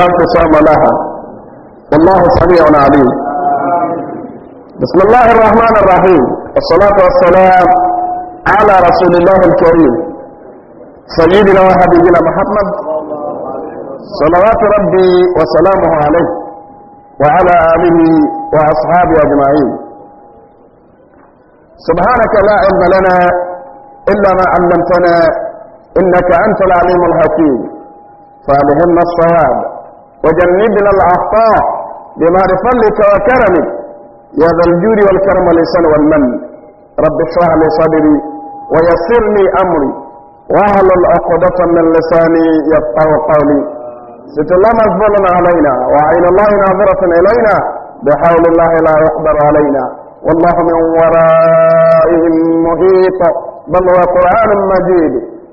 لا خصام لها والله سميع عليم بسم الله الرحمن الرحيم والصلاة والسلام على رسول الله الكريم سيدنا وحبيبنا محمد صلوات ربي وسلامه عليه وعلى آله وأصحابه أجمعين سبحانك لا علم لنا إلا ما علمتنا إنك أنت العليم الحكيم فألهمنا الصواب وجنبنا الأخطاء بما فضلك وكرمك يا ذا الجود والكرم والإحسان والمن رب اشرح لي صدري ويسر لي أمري واهل العقدة من لساني يفقه قولي ست الله مقبول علينا وعين الله ناظرة إلينا بحول الله لا يقدر علينا والله من ورائهم محيط بل هو قرآن مجيد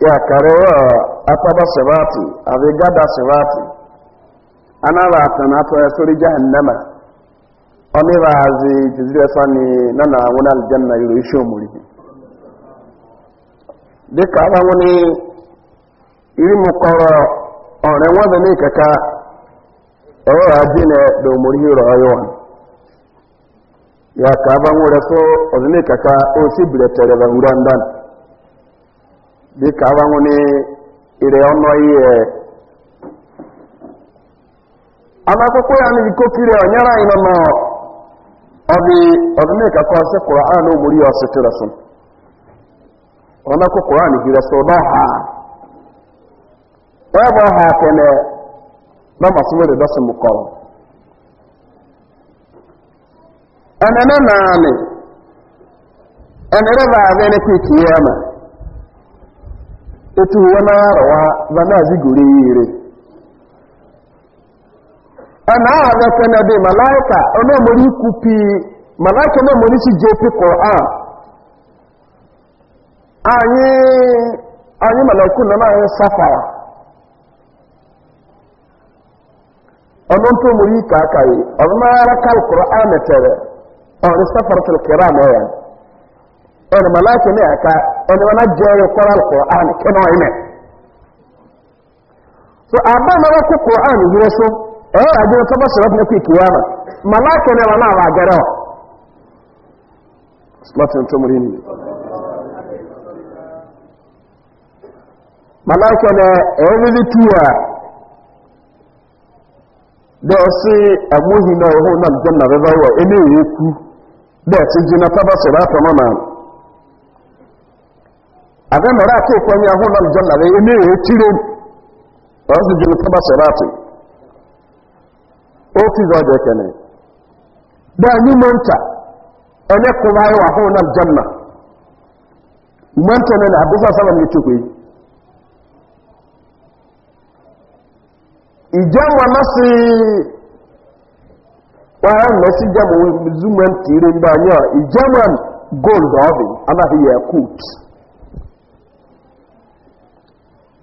ya karewa ataba sirati abi gada sirati ana ba ta to ya sori jahannama oni ba azi jizira sani nana wona aljanna yuri shomuri de ka iri mu koro ore wa da ne kaka o ajine do muri ro ya ka ba so dịka agbanwere ire ọnọ ihe anakwụkwọ ya na iko kiri onyere anyị nọ n'ọdị ọdịnika kwa ọsị kwụrụ a na omori ya ọsị tụrụ sị ọnakwụkwọ ya na ihire sị ụdọ ha onye bụ ọha kene na masị nwere dọsị m kọrọ enene naanị enere bụ adị n'ekwe ike ya mere etu uwe na-arawa na na-azigoro ire a na-ahazị kenedi malaika onomori ikwupi malaika onomori si jepi koran anyị anyị malaiku nọ na anyị safara ọnụ ntụ omori ike aka yi ọnụ na-ara kalkụrụ a metere ọnụ safara tilkira na ya ẹni mọ̀láìkì ní ẹ̀ka ẹni wọn jẹ́ ẹ̀kọ́rọ̀ alkùnrin kẹ́nà ẹ̀mẹ̀ so àbámọ́rọ́ ahụ kùnrin yíó so ẹ̀yẹ́ àjọ tó bá sọ̀rọ̀ fún ìkìwá na mọ̀láìkì ní wọn na àgẹ́rẹ́ ọ̀ slọ́tì tó mú rí ni mọ̀láìkì ní ẹ̀yẹ́ nílí túwà na abin da raka kwan ya na janna ne ne ya tire ba su jiri ta ba sirati o ti zo da kene da ni manta onye kuma yi wa hunan janna manta ne na bisa sama ne tuku yi ijan wa nasi wayan nasi jamu zuman tire ba nya ijaman gold of anaghị ya kut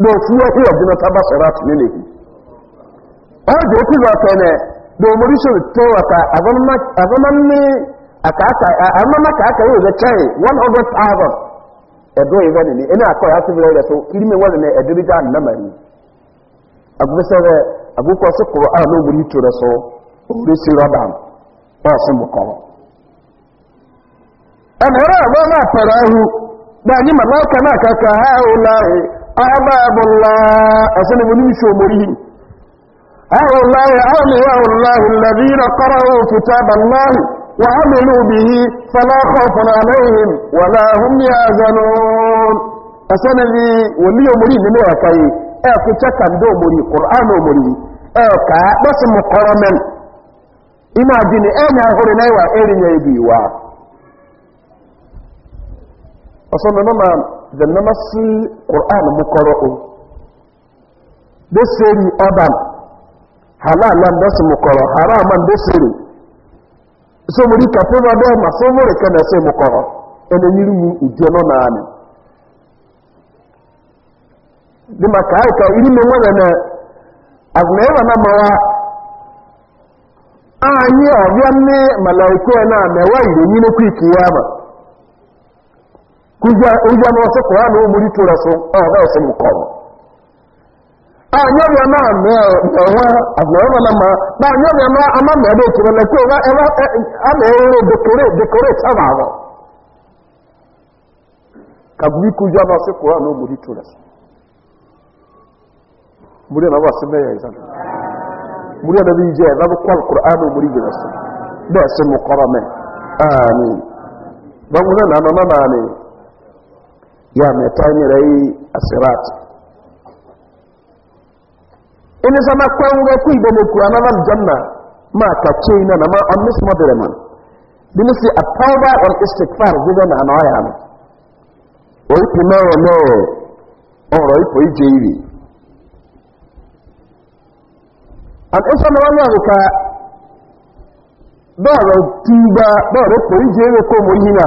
n'otu ihe ọdịnata gbasara atụleleghị ọ dị okwu na ọkene na omorisho towata ka aka yau ya chai 100,000 edo ihe ị na akọ ya tụbere ọrịa so ilimin wani na ediri ga lamari agbesere agbukwa su kụrụ a na ogburi ito da so orisi mukọrọ ha أحباب الله أسنى بني شومرين أهو الله أولياء الله الذين قرأوا كتاب الله وعملوا به فلا خوف عليهم ولا هم يحزنون أسنى لي ولي مريم من وكاي أكو تكن دو مري قرآن مري أكا بس مقرمن إما جيني أنا هوري نايوا إيري نايبي واه ọsọmọ ẹmọ ma zẹnama sí quran mu o bẹsẹri ọban halal am bẹsẹ mu haram am bẹsẹri sọmọdé kàfé ma bẹ́ẹ̀ ma sọmọdé kẹ́nà ẹsẹ mu kọrọ ẹnna yìí mu ìjọ náà nàánì bí ma kàá ìka ma kuja mose kurani omuri turaso ah, na ẹsẹ nkọrọ anyọrọ na mẹwa agbọrọ na ma na anyọrọ na ama mẹwa na kwe wa ẹwa eh, dekore dekore kuja na wasu mẹya ẹsẹ na bi jẹ ẹba bi kwal kurani omuri jẹ ẹsẹ bẹẹ na na ya mai ta yi rai a sirat ini sama kwan ga ku ibe ku ana janna ma ka ce ina na ma on miss mother bin si atauba wal istighfar gida na na ya ne o ipo na o na o ro ipo ije iri an isa na wani abu ka ba ro tuba ba ro ko ije iri ko mo hina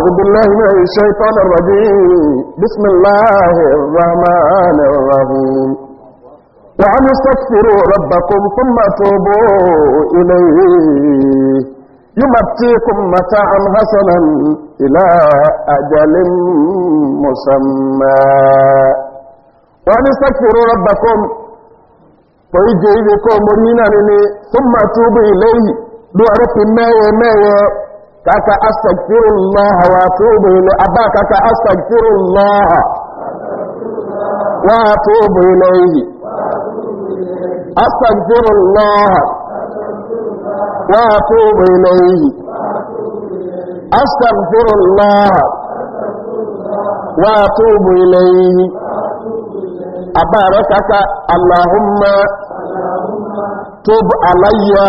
أعوذ بالله من الشيطان الرجيم بسم الله الرحمن الرحيم وأن نعم، استغفروا ربكم ثم توبوا إليه يمتيكم متاعا حسنا إلى أجل مسمى وأن نعم، استغفروا ربكم ويجيبكم بكم ثم توبوا إليه دعوا رب ما يا kaka astagfirullah wa atubu ilayhi abba kaka astagfirullah wa atubu ilayhi astagfirullah wa atubu ilayhi astagfirullah wa atubu ilayhi abba kaka allahumma tub alayya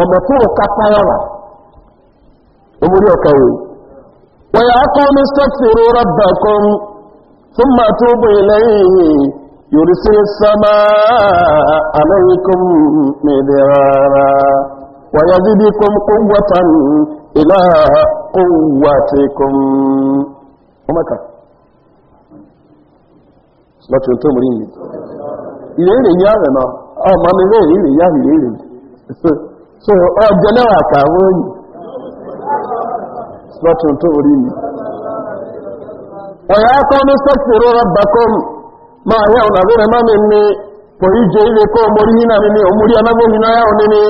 ọmọkúrò kápáyàwà omúrí ọ̀kàwé wọ́n yà ákọ́ ní sẹ́fìrì kan tó sí sámá wọ́n yà so ọjọ́ náà àkàwọ́ òyìn lọ́tún tó orí mi ọ̀yá akọ́nú sẹ́kùrú rọ̀bàkọ́rù máa yẹ́ ọ̀nà àbúrẹ̀ máa mi ní kò yí jẹ́ ilé kọ́ mọ́rí nínà mi ní òmúrí anábóyìn náà yáwọn ní ní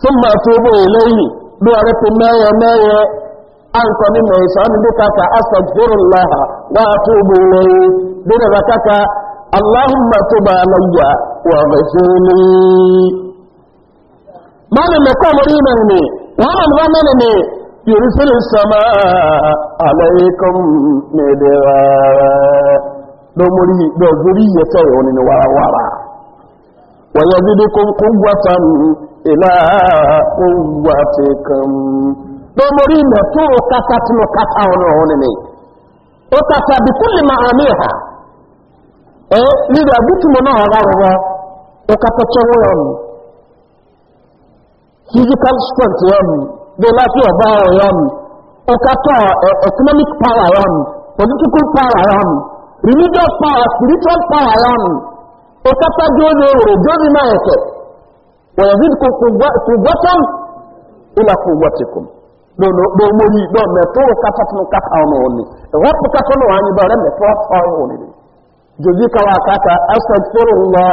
tún mana mekwa mori ime ni wannan ba mana ne yursil sama alaikum medewa do mori do zuri ya sai wani ne wara wara wa yazidukum quwwatan ila quwwatikum do mori na wani ne o bi kulli ha eh ni da o physical strength ya mu bó láti ọba ya mu ọkàtọ economic power ya mu political power ya mu religious power spiritual power ya mu ọkàtọ jóni ewúro jóni náà ẹkẹ wọ̀nyẹ̀dì kò kùgbọ́tàn ìlà kùgbọ́tìkùn lọ mọ́rí lọ mẹ́tọ́ ọkàtọ tó ń kàkà ọmọ òní ẹ̀wọ́ pọ̀kàtọ náà wà ní bá rẹ mẹ́tọ́ ọmọ òní ni jòjì kàwá kàkà ẹsẹ̀ fúrùn lọ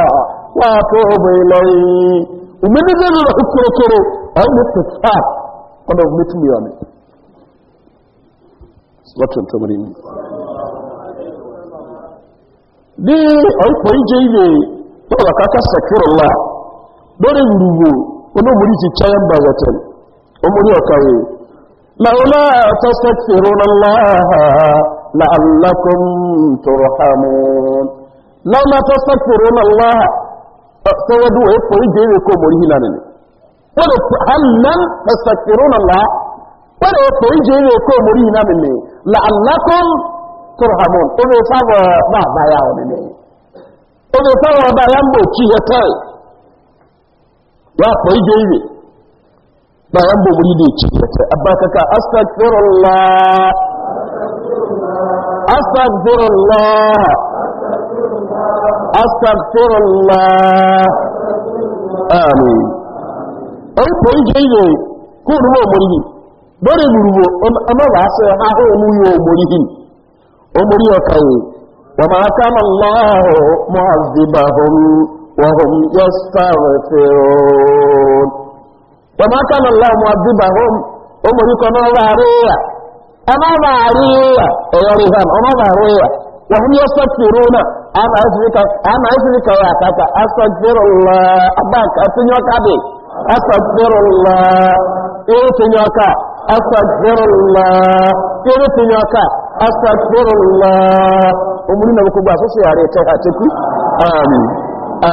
wà á tó ọmọ ìlọrin umeneze no na ukorokoro aho tetsa kono mutum yone watu ntomuri ije ibe to bakaka secure Allah dore rubo ono muri ti chayamba zaten omuri na laula ha Allah la'allakum turhamun laula Allah sai wadu e ko je be ko mori hilana ne wala allah wala ko mori hilana ne turhamun fa ba ba ya ne ba ki ya tai ya mori ya tai astaghfirullah astaghfirullah astagfirullah amin orúkọ ìjẹ ìwé kó olúwọ òmòrí yìí lórí ìrùwò ọmọwà aṣọ ahọ́ òmú yóò òmòrí yìí òmòrí ọkà yìí wọ́n máa ká mọ̀ lọ́wọ́ mọ́ àzìbàhùn wọ́n yọ sáré fẹ́ràn wọ́n máa ká mọ̀ ba ahụ ne ssiroo na a na-kọ kaka ga nye ọka dị aadịụla ea aala rụnye ọka asadịrụụla ori na gwoke beasụụhara ịchagha chek a a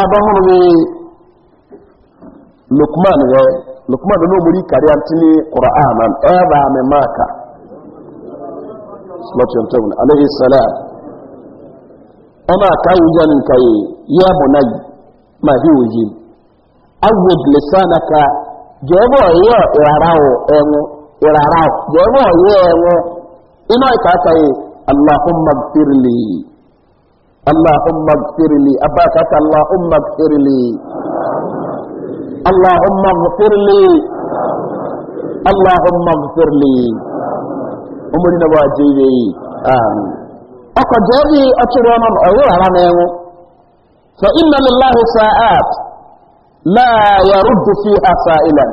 aadọị lukman ọ lukman da nomuri kariya tini qur'anan aba me maka sallallahu alaihi wasallam alaihi salam ana ka wujan kai ya bunay ma hi wuji awud lisanaka jebo yo irarao enwo irarao jebo yo enwo ina ka kai allahumma gfirli allahumma gfirli abaka allahumma gfirli اللهم اغفر لي اللهم اغفر لي أمري نواجيبي آمين أقد جابي أترانا أولا رانيو فإن لله ساعات لا يرد فيها سائلا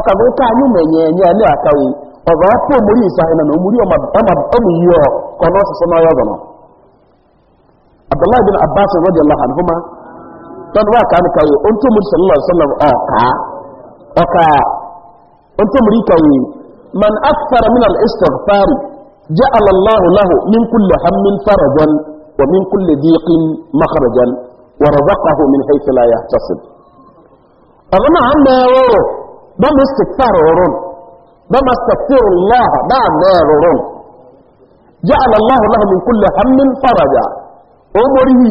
أقد أتا يوم ينيني أني أكاو أقد أتا أمري سائلا أمري أمري يو قناة سنة يغنى عبد الله بن عباس رضي الله عنهما tọ́nù wà kàánù kàwé ohun tó múrí sọ̀lọ́ sọ̀lọ́ ọ̀ka ọ̀ka ohun tó múrí kàwé man akthara min al-istighfar ja'ala Allahu lahu min kulli hammin farajan wa min kulli dhiqin makhrajan wa razaqahu min haythu la yahtasib abana amma woro ba mustighfar woro ba mastaghfirullah ba woro ja'ala Allahu lahu min kulli hammin faraja o morihi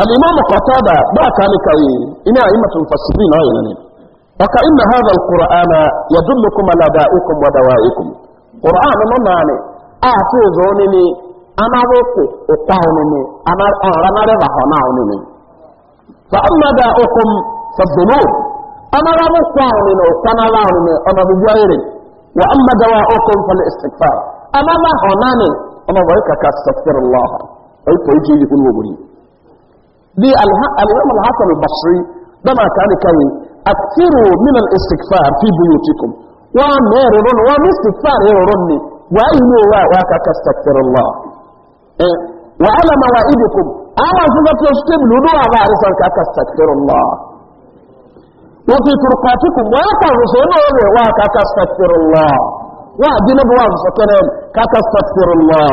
الإمام قتادة ما كان عليك إن أئمة المفسرين أيضا وكأن هذا القرآن يدلكم على دائكم ودوائكم قرآن ما معني أعطي زونني أنا ذوكي أطاونني أنا أعرم رضح ناونني فأما دائكم فالذنوب أنا ذوكي أقاونني أنا ذوكي أنا بجائري وأما دواءكم فالاستغفار أنا ذوكي أنا ذوكي أستغفر الله أي توجيه الوبري دي الإمام الحسن البصري بما كان كان أكثروا من الاستغفار في بيوتكم وأمير رن والاستغفار رن الله واكك استغفر الله إيه؟ وعلى مواعيدكم أما سنة يستبلوا دوا بارسا كك استغفر الله وفي طرقاتكم واكا رسولون واكك استغفر الله وأدي نبوا سكنين كاك استغفر الله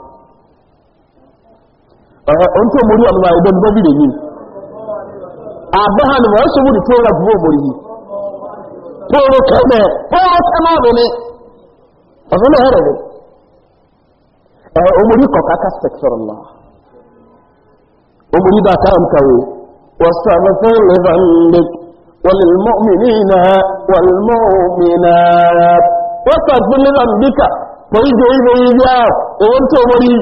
Eh, ohun tí ó mú rí ọ̀nà ìdọ́nù bọ́bí rẹ̀ yìí àbáhàn wọ́n sọ wúrì tó rà gbogbo mọ̀rí yìí tóòrò kẹ́mẹ̀ tóòrò kẹ́mẹ̀ rẹ̀ ni ọ̀sán náà rẹ̀ rẹ̀ omori kọ̀ọ̀ká ká sẹ̀kítọ̀rọ̀ lọ omori bá káwọn kàwé wọ́sàn fún lẹ́fàndé wàlmọ́mìnà wàlmọ́mìnà wọ́sàn fún lẹ́fàndé kà pẹ̀lú ìgbé ìgbé ìgbé àwọn ohun tó mọ̀rí yìí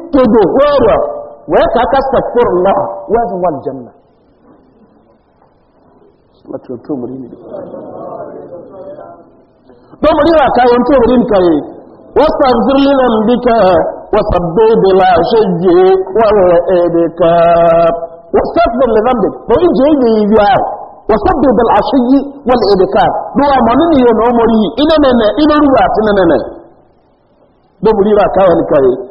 todo wewa weka tastaghfirullah wazi wal janna sura to murini to muriwa ka yon to murini ka yi wastaghfir li de wasabbi bila shayyi wa wa'idika wastaghfir li de to ije yi yiwa wasabbi bil ashyi wal idkar duwa manini yo no mori ina nene ina ruwa tinene do muriwa ka yon ka yi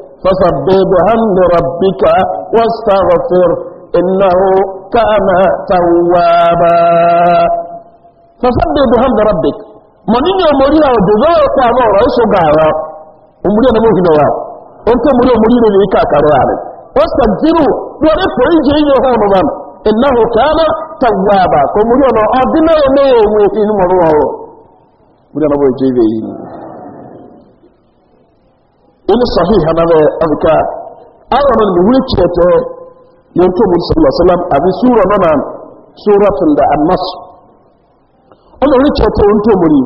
فسبح بحمد ربك واستغفر إنه كان توابا فسبح بحمد ربك من إني أمرينا وجزاء كما رأيش غارا أمرينا موهنا واو أنت أمرينا أمرينا لإيكا كاروانا واستغفروا دوري فريجي إني أخونا من إنه كان توابا كمرينا أدنا يميه ويهين مروا مرينا موهنا ini sahiha na bɛ abika awa na mu wuli kyerɛ tɛ yɛn tó mu sallallahu alaihi wasallam abi sura na na sura tun da annas ɔna wuli kyerɛ tɛ yɛn tó mu ni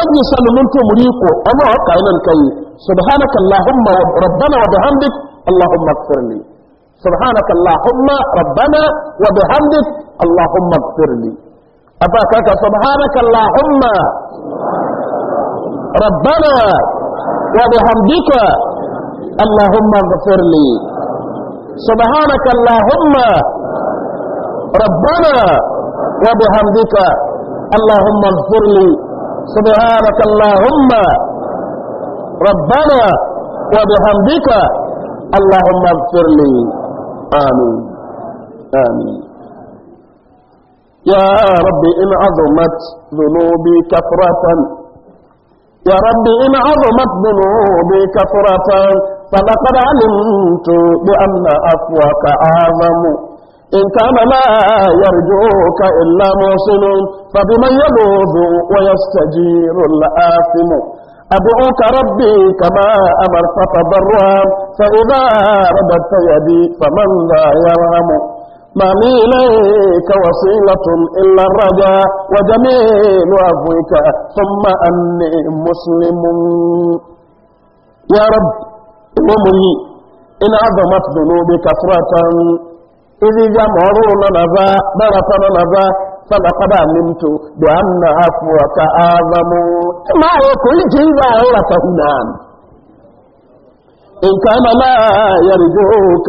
ɛnyi sanu mun tó mu ni ko ɔna ɔka yɛn nan kai subhanaka allahumma rabbana wa bihamdik allahumma ighfirli subhanaka allahumma rabbana wa bihamdik allahumma ighfirli abaka ka subhanaka allahumma rabbana وبحمدك اللهم اغفر لي سبحانك اللهم ربنا وبحمدك اللهم اغفر لي سبحانك اللهم ربنا وبحمدك اللهم اغفر لي آمين آمين يا رب إن عظمت ذنوبي كثرة يا رب إن عظمت ذنوبي كثرة فلقد علمت بأن أفوك أعظم إن كان لا يرجوك إلا موصل فبمن يلوذ ويستجير الآثم أدعوك ربي كما أمرت فضرها فإذا رددت يدي فمن لا يرهم ما لي إليك وصيلة إلا الرجاء وجميل عفوك ثم أني مسلم يا رب إمني إن عظمت ذنوبي كثرة إذ يمرون نذا برثنا نذا فلقد علمت بأن عفوك أعظم ما يكون جيدا أولا فهنان إن كان لا يرجوك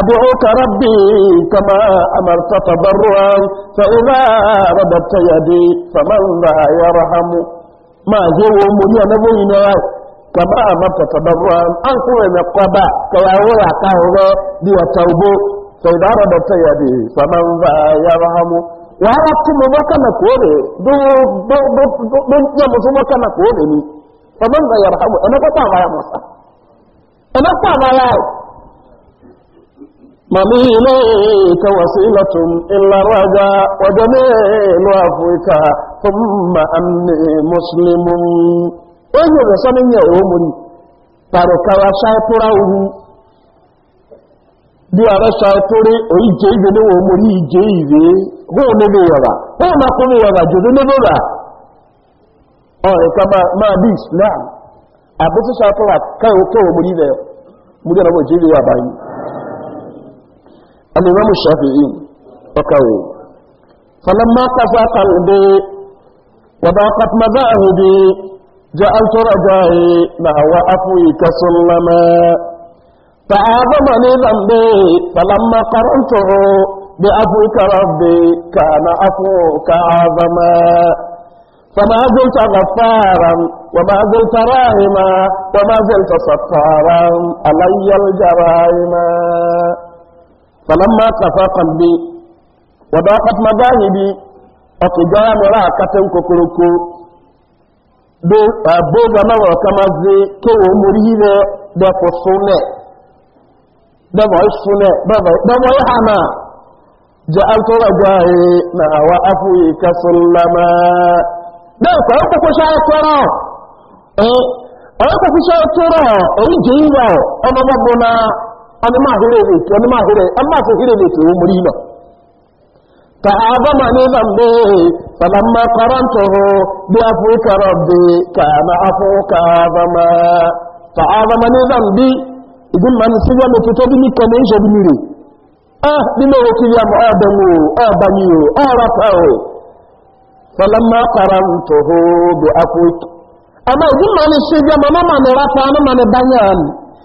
أدعوك ربي كما أمرت تضرعا فإذا رددت يدي فمن ذا يرحم ما هو مريا نبوينا كما أمرت تضرعا أنكو يقبع كيهو يعكاهو دي توبو فإذا رددت يدي فمن ذا يرحم وأنا أقول لك أنا كوري دو دو دو دو دو دو دو دو دو دو فمن ذا يرحم أنا بطاقة يا موسى أنا بطاقة يا موسى ما به إليك وسيلة إلا الرجاء وجميل عفوك ثم أني مسلم وإن يغسن يومني تارك وشاطره bí ààrẹ ṣàtúrí òyí jẹ́ ìgbé ní wọ́n mú ní ìjẹ́ ìwé hóò nínú yọ̀rà hóò máa kún ní yọ̀rà jù nínú rà ọ̀rẹ́ ká máa bí islam àbútú ṣàtúrà الإمام الشافعي وقوي فلما قفى قلبي وضاقت مذاهبي جعلت رجائي نحو أفويك سلما فعاظمني ذنبي فلما قرنته بأفوك ربي كان أفوك أعظما فما زلت غفارا وما زلت راهما وما زلت صفارا علي الجرائم فلما صفى قلبي وضاقت مذاهبي ọkùnjọ́ra mọ́ra àkàtẹ́ ń kòkòròkò bóògbà máa ọ̀ká máa zé kéwò mórí hílẹ̀ dẹ́kù súnlẹ̀ dẹ́bọ̀ ìsúnlẹ̀ dẹ́bọ̀ ìhànà jẹ́ altọ́rọ̀gbà ẹ̀ na àwà afúyè kásùnlámà dẹ́kù ọkùnkùnṣẹ́ na wani ma hure ma an ma su ne ke wo muri no ta azama ne zambe falamma qarantahu bi afwika rabbi kana afwika azama ta azama ne ma idin si wa to to ni ko ne je bi ni ah bi ya o ara o bi amma mama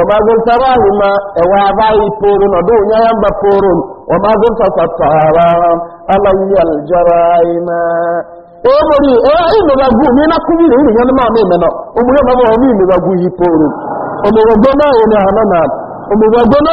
وما زلت راهما وابعي فور ودون ينبى فور وما زلت ستارا علي الجرائم omori ee imebagu ni na kubi ni ni mi omori ma bo ni imebagu yi poru omori gona o na hana na gona gona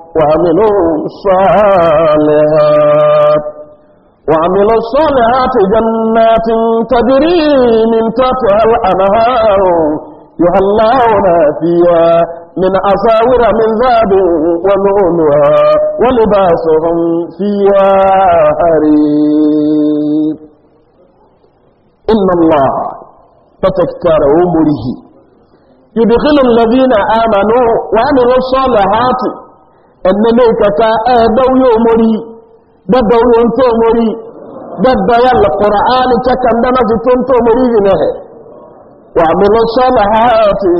وعملوا الصالحات وعملوا الصالحات جنات تجري من تحتها الأنهار يهلون فيها من أساور من ذهب ولؤلؤها ولباسهم فيها حرير إن الله فتكتر أمره يدخل الذين آمنوا وعملوا الصالحات ẹnẹ́lẹ́ ìkẹta ẹ̀ẹ́dọ́wí omori dọ́dọ̀wí ohun tó omori dọ́dọ̀yà lọ́kọ̀rọ̀ áàlì chẹ́kàn ti tó tó omori yìí náà wà mí lọ sọ́nà ààtì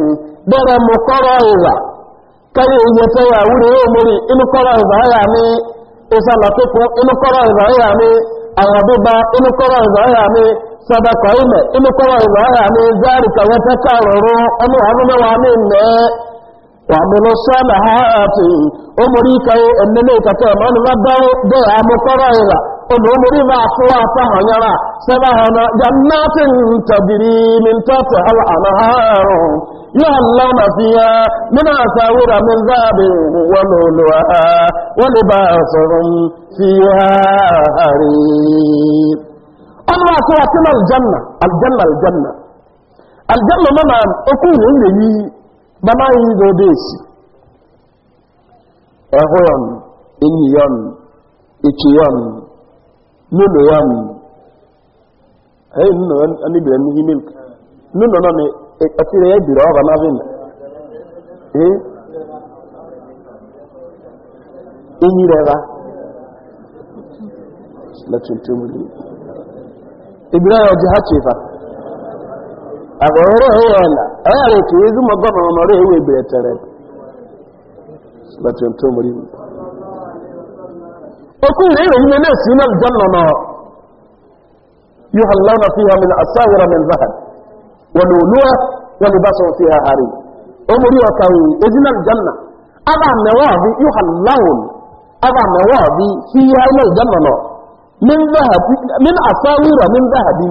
bẹ́rẹ̀ mú kọ́rọ̀ ìlà káyé ìyẹn fẹ́ yà wúri omori inú kọ́rọ̀ ìlà yà mí ìsàlà inú kọ́rọ̀ ìlà yà mí àwọn inú kọ́rọ̀ ìlà yà mí ya ilẹ̀ inú kọ́rọ̀ ìlà yà mí zárìkà wọ́n fẹ́ ọmọ wàmúlò sọ́nà ha àti omori kaye ẹ̀nẹ́lẹ́ ìkàtọ̀ ẹ̀mọ́ni bá dáwó dé àmúkọ́rọ̀ ìlà ọmọ omori bá fún àtàhàn yára sẹ́bà hànà jannatin tàbírí min tọ́tù aláàrùn yóò lọ́nà fi ya bama yi da odesi ehoyon eniyon ichiyon nunoyon ayi eh, nuno ani bira nuhi milk ya bira ọba na Ee. enyi na tuntum mu ni ibira ya ọjọ ha chefa agora ela ela que isso uma goma uma hora eu ibretere lati nto muri oku ne yo ne ne sima janna no yuhallawna fiha min asawira min zahab wa lulu'a wa libasu fiha harir umuri wa kawi ejina janna aba nawabi yuhallawun aba nawabi fiha min nọ. Na min zahab min asawira min zahabi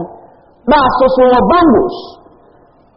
ba so so bangos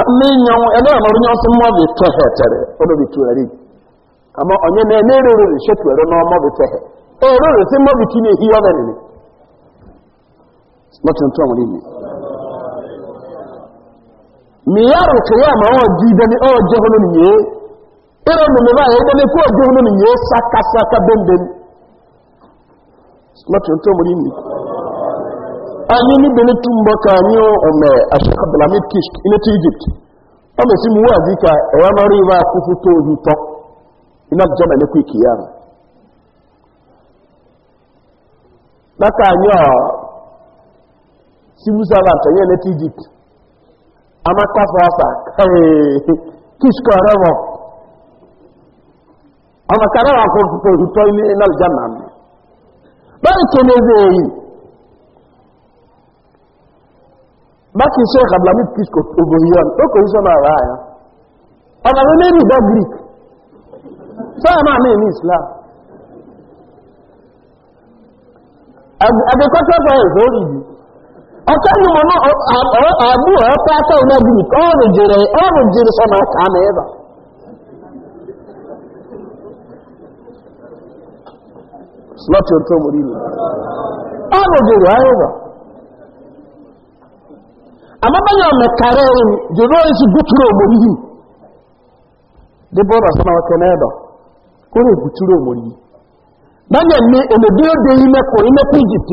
ama enyanwụ ebe ya mara onye ọsọ mmụọ bụ tehetere ụlọ bụ ama onye na ene erere ere shetuere n'ọmọ bụ tehe ere ere si mmụọ bụ ti na-ehi ọbịa nene ọmụrụ ama ọ dị ọ ba ya ebe n'ekwu ọ jẹ hụrụ saka saka ọmụrụ anyị nibe ne tumbo ka anyị ome ashek abdulhamid kishk ileta egypt ọ mesi m wuo azika ewe nọrọ iwe akwụkwụ to ohi tọ ina jọ ma nekwa ike ya n'aka anyị ọ civil servant onye eleta egypt amaka fasa kishk ọrọrọ ọmọ karịa akwụkwụ to ohi tọ ina jọ ma bari kenezeghị bákì sheikh abdulhamid kisco obohiyan ó kò sọ náà rà áyá ọ̀nà ló lérí ìgbọ́ greek sọ́yà máa ní ìní islam agriculture science ó rí yìí ọ̀tọ́ ni mo náà àbú ọ̀pẹ́ akẹ́ iná greek ọ̀rùn jèrè ọ̀rùn jèrè sọ́nà ọ̀kà náà slọ́tì ọ̀tọ́ mo rí mi ọ̀rùn jèrè ayé wà amabanya mekare in jiro isi guturo omorihi debora sana wakene edo kore guturo omorihi banya ni elebi ode ime ko ime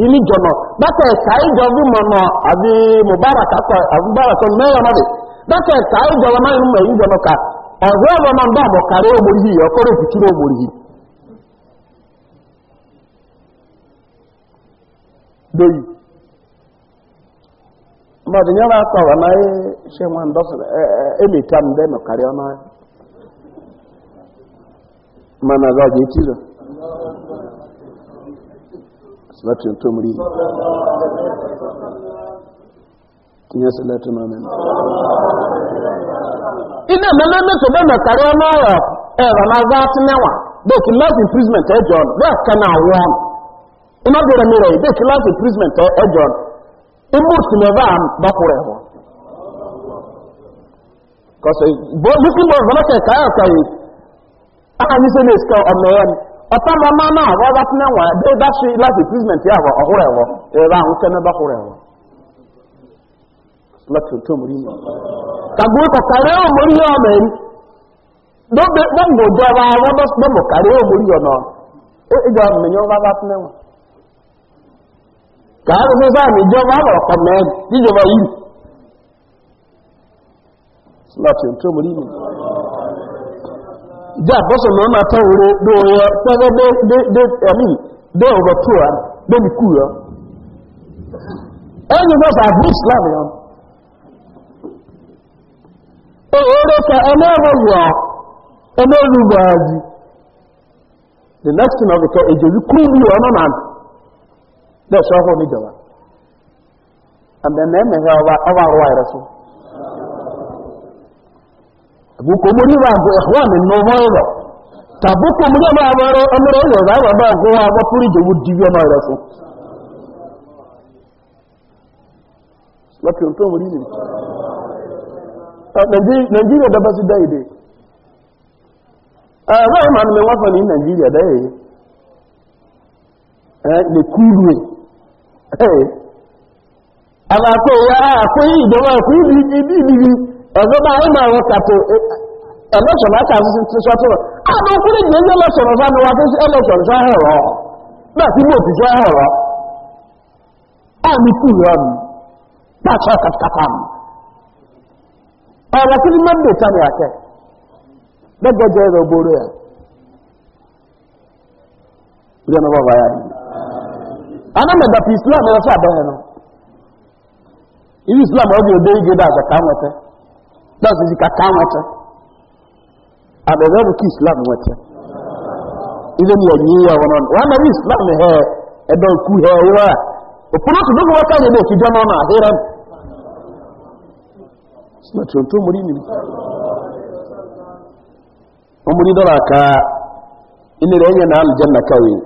ili jono bata ka ijo bi nọ abi mubarak akwa mubarak on bata ka ijo na ime ijo ka ọzọ ọzọ na ndị abụ karịa omorihi ya ọkọrọ ma nyere na ihe nwa ndọsị emita mbe nọkarị ọnụ ahịa mana ọ ga etizo salatin to muri kinya salatin na nan ina mana na to ba nọkarị ọnụ ahịa e na za tinewa dok life imprisonment e jọn dok kana awon ina bere mere dok life imprisonment e Ụmụ sinova a gbakwuru ịhụ. Kọsị bụ nnukwu mbọ ọzọ nke ka ya ka yi. Aka na-esika ọmọ ya ma ma na ahụ ọba tinye nwa dị dashi lafi prizment ya ahụ ọhụrụ nke na gbakwuru ịhụ. Lati omori ka karịa ya ọma eri. Dobe e- gbọmgbọ jọba ọdọ gbọmgbọ karịa ya ọnọ. Ịjọ mmenye ọba láàrín fún sáà ní ọ̀pọ̀ mẹ́rin níjọba yìí láti ọ̀tọ́ mọ̀ nínú jẹ́ àbọ́sọ̀ náà máa tán oró lóòrò pẹ́lẹ́ ẹ̀mí dé ọ̀rọ̀ tó wà lórí kú yọ ẹni bọ́ bá bí islam yọ oore ka ẹmọ ọmọ wọ ẹmọ olùgbàájì the next thing of the car èjò yìí kú bẹ́ẹ̀ sọ ọkọ̀ níjọba àbẹ̀mẹ́mẹ́ ọba àrùwà ẹ̀rọ sí àbúkọ mú níwà àgbẹ̀ ẹ̀họ́ àmì nọ́mọ́ ẹ̀rọ tàbúkọ mú níwà àbọ̀rọ̀ ọmọdé ẹ̀rọ ráwà bá àgbọ̀ wa bọ́ fúrí ìjòwò dìbí ama ko ya akwai idowa ku yi bi bi bi bi ọzọ ba ayi ma wọn kapo ẹlọ sọrọ aka sisi ti sọ tọrọ a ma kú ni gbèsè ẹlọ sọrọ sọ àná wa fẹsẹ ẹlọ sọrọ sọ ahọrọ náà ti mú òtítọ ahọrọ a mi kú yọ mi náà sọ ana m dapụ islam ọsọ abịaghị nọ ibi islam ọ ga-ede ige dị azụ ka nweta dazizi ka ka nweta abịaghị ka islam nweta ile m yanyi ya ọrụ ọnụ wa mere islam ha ebe nku ha ụra ụfọdụ otu dogo na-eki jọ m mmiri na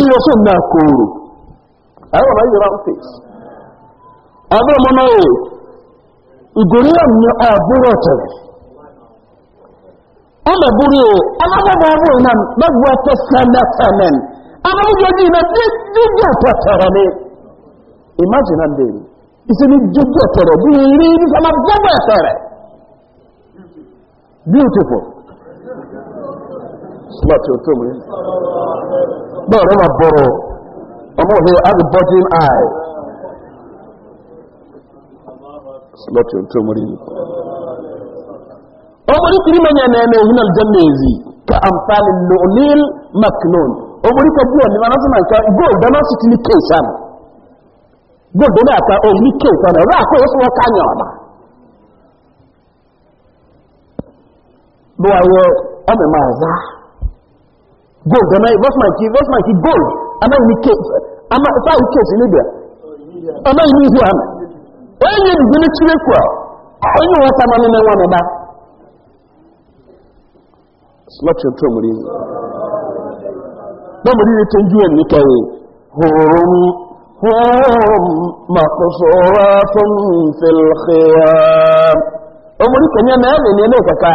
iyo sunna kooru ayo ma yira u fis ado mo no igori amne aburo tere ama buri o ama ba ba bo nan ba gwa ta sana tamen ama yo di na di di di ta tere ne imagine and dey isi ni jojo tere bi ri ni sama jojo tere beautiful Slap your thumb in. na rẹ̀ O bọ̀rọ̀ ọmọ òfin kiri na ẹ̀nà òhun aljanna ka amfani lọ́ọ̀lil mcnon ọmọdé kọ bí ọ̀nà ìmọ̀nà na gold am i what's my key what's my key gold am i in the case am i in the case in libya am i in the one when you begin to chile kwa when you want someone in one about slot your tomb in nobody will change you and you carry home هم مقصورات في الخيام أمريكا نعمل نعمل كذا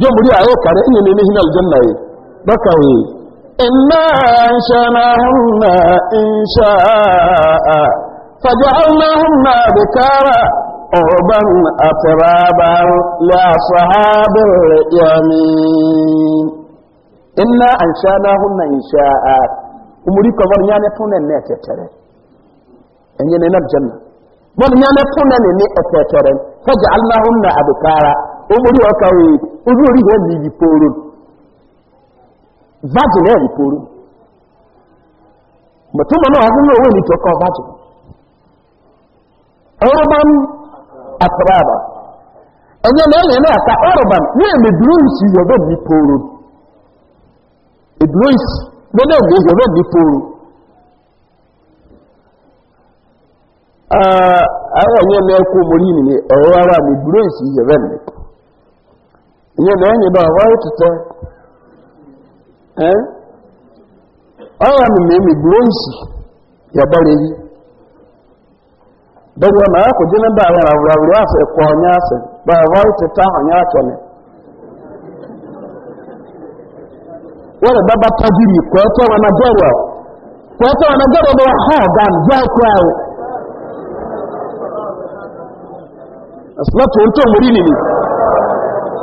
جو مري آيو كاري إني نيني الجنة بكوي إنا أنشأناهن إن شاء فجعلناهن بكارا عربا أترابا لأصحاب اليمين إنا أنشأناهن إن شاء umuri kamar nyane tune ne tetere enye ne na janna bon nyane tune ne ne tetere faj'alnahunna abkara omori ọka wee orí orí yẹn lè yìpòrò virgin ẹ̀ yìpòrò mọ̀túnmọ̀ náà ọdún náà owó ní ìjọkọ onye ọrọ̀bán àtàràbà ẹ̀yẹ lẹ́yìn náà ka ọrọ̀bán ní èmì dúró ìsì yọ̀bẹ̀ ní pòrò ìdúró na lọ́nà èmì yọ̀bẹ̀ ní pòrò na-ekwu ara ìyẹn eh? onye baa wáyé títẹ́ ẹ́ ọ̀rọ̀ mi mẹ́mí ya yàbọ̀rẹ̀ yìí na ma kò jí nígbà àwọn àwòrán àfẹ́ kọ ọ̀nyá àfẹ́ bá wáyé títẹ́ ọ̀nyá àtọ̀lẹ̀ wọ́n lè bábá tọ́jú ha ọ̀gá mi jẹ́ ọkọ̀ ẹ̀wọ̀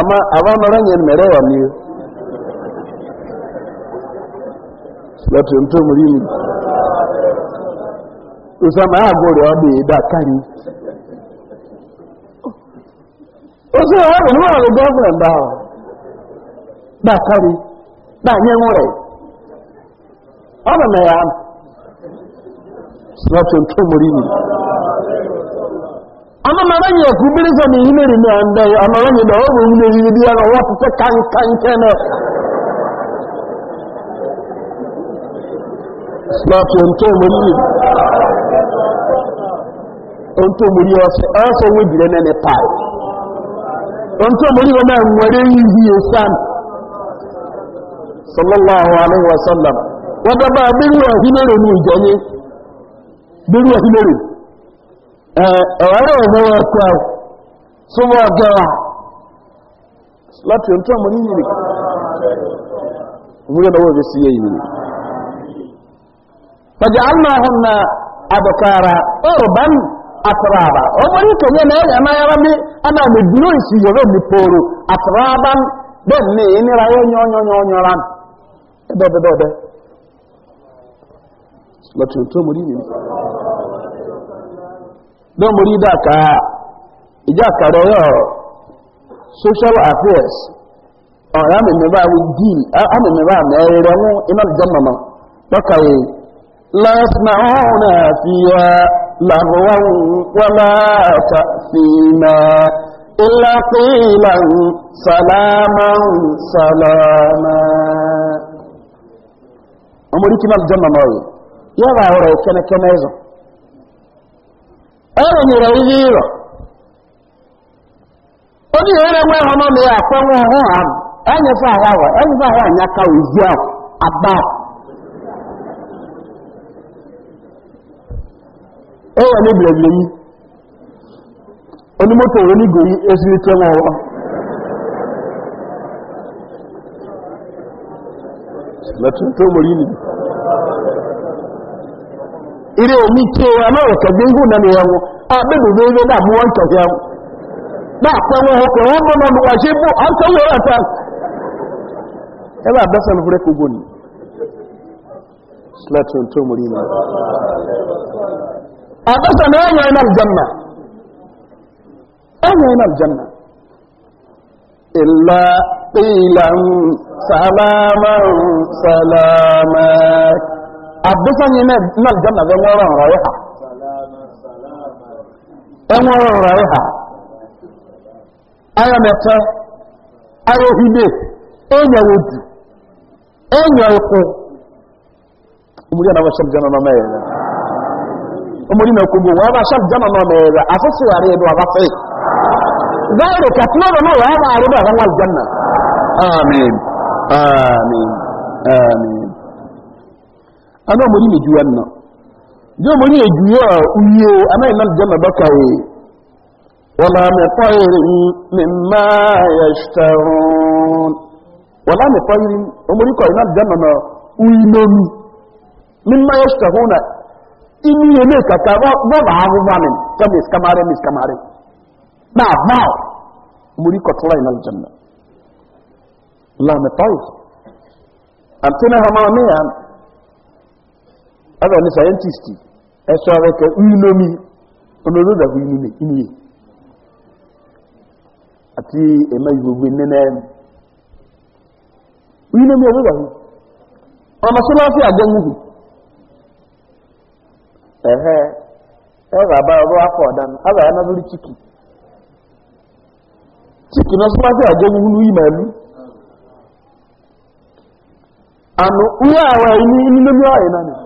ama aba mara nyen mere ya ni lati nto murimi usama agori obi da kari o se wa ro wa ro gbe nda o da kari da nyen ọ bụ na ya lati nto murimi ama maranyi okubiri zo ni himeri ni ande ama ranyi da obo himeri ni dia kan kan ne ne pai na nwere yizi esan sallallahu alaihi wasallam wadaba biri wa himeri ni biri himeri ọ̀rọ̀ ọ̀rọ̀ ẹ̀kọ́ súnmọ́ ọ̀gẹ́wà láti ọ̀tọ́ ọmọ nínú rẹ̀ múlẹ̀ lọ́wọ́ ìrẹsí yẹ ìrìn pàjá aláhùn na àbọ̀kára ọ̀rọ̀bán àtàràbà ọmọ ní na ẹ̀yà máa yára bí ana lè dúró ìsì yọ̀rọ̀ mi pòrò àtàràbà bẹ́ẹ̀ ni ìnira don mori da ka ija karo social affairs ọ̀rọ̀ àmì mẹ́bà wí díì àmì mẹ́bà mẹ́rẹ̀ mú iná jẹ́mọ̀ mọ́ lọ́kà yìí lásìmọ̀ ọ̀hún náà fi wá làwọn wọn láta fi mọ́ ilá pé ìlànà sàlámà sàlámà ọmọdé kí náà jẹ́mọ̀ mọ́ yìí yára ọ̀rọ̀ kẹ́nẹ́kẹ́nẹ́ ẹ̀zọ̀ ẹ̀rọ nyere ihe ịrọ onye ìrẹ́rẹ́ nwa ẹ̀họ́ náà lè àkọ́ nwa ha ha ẹ̀nyẹ̀fẹ́ àhá wọ̀ ẹ̀nyẹ̀fẹ́ àhá ànyà ká òzí ahụ àbá ẹ̀yọ̀ ní ire omi ke ya ma wata bi hu ya mu a bi bi bi da mu wanka ya mu da kwa bu an ta wo ta ba da san fure ku na a da ya ya na aljanna ya na aljanna abisanye na na aljanna be nwere nwere ha na wasal jana na mere na kogo jana na na ana omori ne juwan na je omori ne juwa uyo ana ilal janna bakawe wala ma ya yashtarun wala muqayrin omori ko ilal janna na uyinomi mimma yashtaruna ini ele kata ba ba ba hu banin kamis kamare mis kamare ba ba omori ko tola ilal janna la muqayrin antena ya. aba ni scientist ẹsọ rẹ kẹ ati onoro dàbí inúmi inúyè àti ẹ̀mẹ́ ìgbogbo nínú ẹ̀mí unomi ọdọ dàbí ọmọ sọláfí àgbẹ̀wùgù ẹ̀hẹ́ ẹ̀rọ àbá ọdọ afọ ọ̀dánù àbá ẹ̀ náà uwe àwọn ẹ̀yìn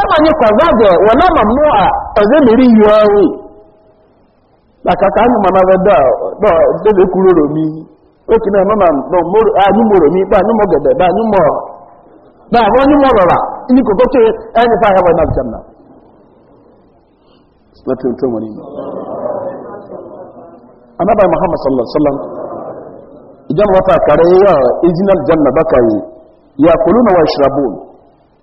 ẹ̀ma ní kọ̀zádẹ̀ wọ́n náà mọ̀ mọ́ à ọ̀dẹ́ lè rí yọ ọ́rù làkàkà ní mọ̀ náà dọ̀ dẹ́lẹ̀ kúrò rò mí ó kì náà mọ̀ mọ̀ ní mọ̀ rò mí bá ní mọ̀ gẹ̀dẹ̀ bá ní mọ̀ bá àwọn ní mọ̀ rọ̀rà ní kòkó tó ẹni fáyà wọn náà jẹun náà. anaba muhammad sallallahu alaihi wasallam idan wata kare ya izinal janna bakai yakuluna wa yashrabun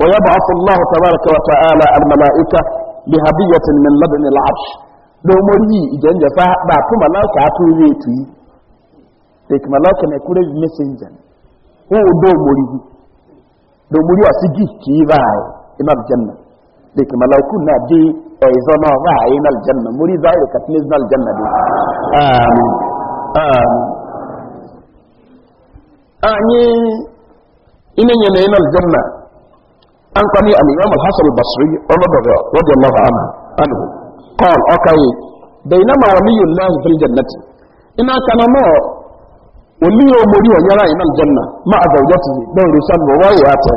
ويبعث الله تبارك وتعالى الملائكة بهدية من لبن العرش لو مري إذن جفا باكو ملاك عطويتي تك ملاك نكوري مسنجا هو دو مري دو مري أسجي كيفاي إما الجنة تك ملاك نادي دي ما ضاعي إما الجنة مري ضاعي كتنزنا الجنة دي آمين آمين أني إني ينا إما الجنة أنقني الإمام الحسن البصري رضي الله عنه عنه قال أوكي بينما ولي الله في الجنة إن كان ما ولي ومولي ويرى إن الجنة مع زوجته دور سن وواياته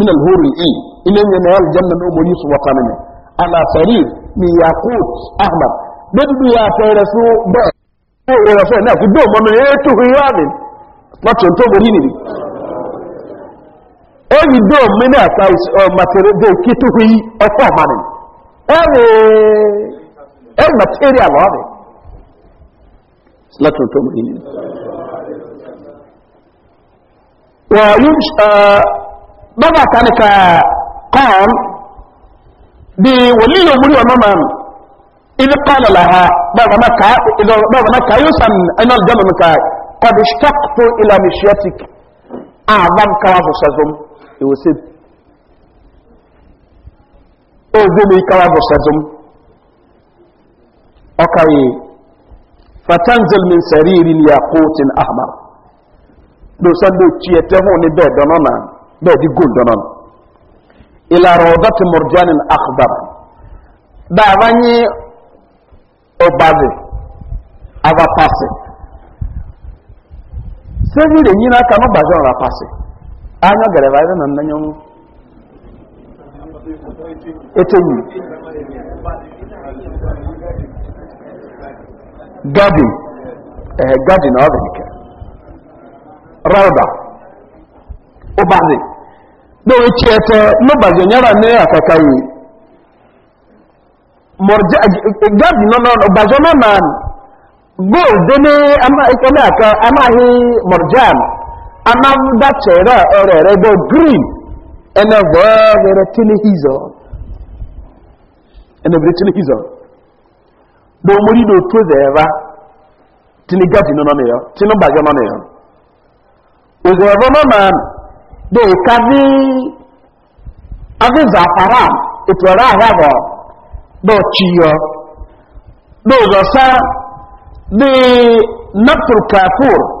من الهور الإي إن من الجنة أمري سوقنا على سرير من ياقوت أحمد بدو يا فيرسو بأ أو رسول الله في دوم من يتوه يابن يعني. ما تنتظر هنا oyi do mini ata ọ materi de kituhu yi ọfọ ọmani ẹni ẹni material ọ dị látọ̀ tó mú yìí wà yóò bàbá kan ka kọ́ọ̀n bí wòlí yóò múlí wọn mọ́mọ́ ibi kọ́ọ̀lù làhà bàbá náà ka yóò sàn ẹni ọ̀dọ́ mọ̀mọ́ ka kọ́dù ṣtọ́kù ilẹ̀ mìṣẹ́tìkì àbámkà wà fòsàzọ́mù will say, "Oh, ewosem ozemi kawa bosazum ọkaye fatanzil min saririn yaqutin ahmar dosan do tiye te ho ni be donona be di gold donon ila rawdati murjanin akhbar da banyi obaze ava pase sẹ́yìn lè yín náà kanú gbàjọ́ ọ̀rọ̀ pàṣẹ. anya gara bayan nan nan yau ita gadi gadi na wadda nika rauda ubazi da wuce ta nubazi yara ne a kakayi gadi na nan ubazi na man gold ne amma anamdachera ererego green ene vere telehizo ene vere telehizo do muri do to zeva tini gadi no no yo tini bago no no yo ozeva no man de kavi avi zafara itwara e havo do chiyo do zosa de naftur kafur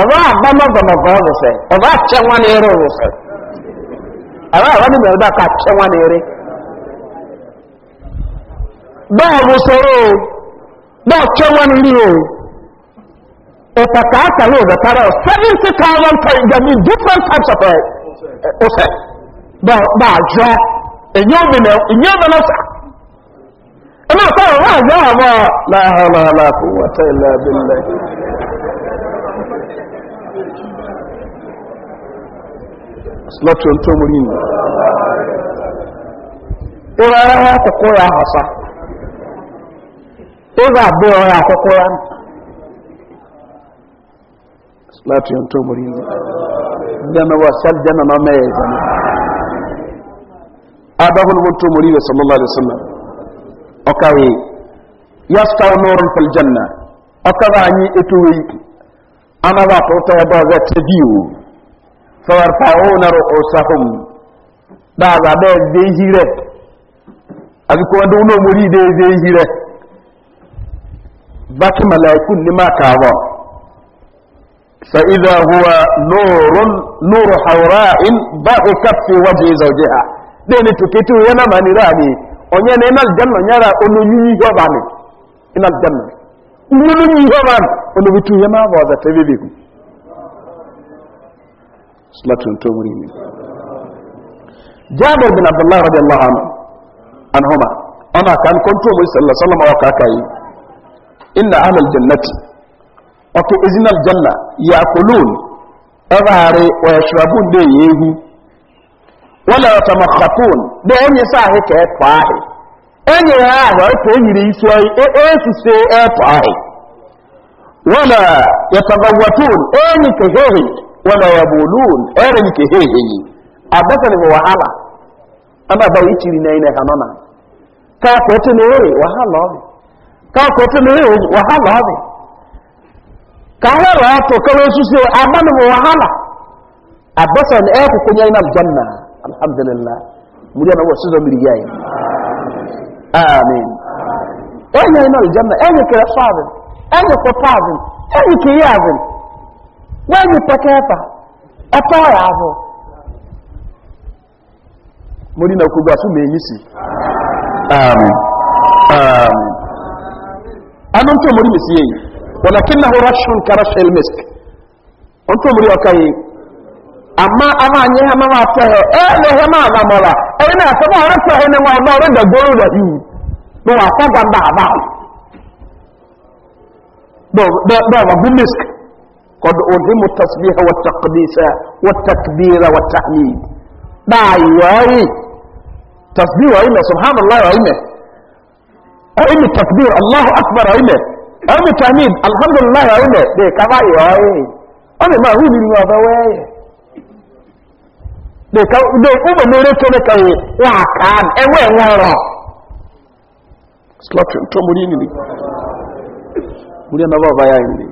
ọba agbamagbamaga ọrụsị ọba achịcha nwa na-ere ọrụsị ọba abalị mere ọba ka achịcha nwa na-ere bọọlụ soro bọọchịcha nwa na-eri o ịtaka akara ọbatara 70,000 times there means different types of ọsẹ bọọjọ enye obi na enye obi na ọsa ọba slọtụ ntomori nyi ịra ahịa akwụkwọ ya ahụsa ịra abụọ ya akwụkwọ ya slọtụ ntomori nyi dana wa sal dana na mee zana adahun bu ntomori ya sallallahu alaihi wasallam okawe yastaw nurun fil janna akawa anyi etuwe ana ba to ta ba za ta biyu فيرفعون رؤوسهم بعد ذلك ذهيرة أذكر أنه مريد ذهيرة ذاك ملايكون لما كاوا فإذا هو نور نور حوراء ضحكت في وجه زوجها لأن تكتو ينا من راني ونين إن الجنة يرى أنه يجيبني إن الجنة أنه يجيبني أنه يتو ينا بعد تبيبكم صلاة تومرين جابر بن عبد الله رضي الله عنه عنهما أنا كان كنت صلى الله عليه وسلم وكاكاي إن أهل الجنة وفي إذن الجنة يأكلون أظهري ويشربون ديه ولا يتمخطون ده أن يساهي كأتفاهي أن يهاه أن يريسوي أسسي إيه- إيه أتفاهي إيه ولا يتغوتون أن كهيه wama yabulun ere nke he he abata ni wahala ana ba yichiri na ina kanona ka ko to ne wahala o. ka ko to ne wahala o. ka ha ra to ka lo su se ama ni wahala abata ni e ku kunya ina janna alhamdulillah muri na wasu zo miri yayi amin enya ina janna enya kira sabin enya ko sabin enya kiyazin When you take ever, at all have. Mori na kudu asu me yisi. Amen. Amen. Anon mori misi yi. Walakinahu rashun karash el misk. On to mori Amma ama anyị ha ma ta he. e na ihe ma na mola. na ta ma ra ta قد أذم التسبيح والتقديس والتكبير والتحميد دعي واي تسبيح وإنه سبحان الله وإنه أين التكبير الله أكبر وإنه أين التحميد الحمد لله وإنه دي كبعي واي أنا ما هو من وضوي دي كو دي أبا ميريتو لكي وعكاد أوي إيه ورا سلطة لي مريني مريني مريني مريني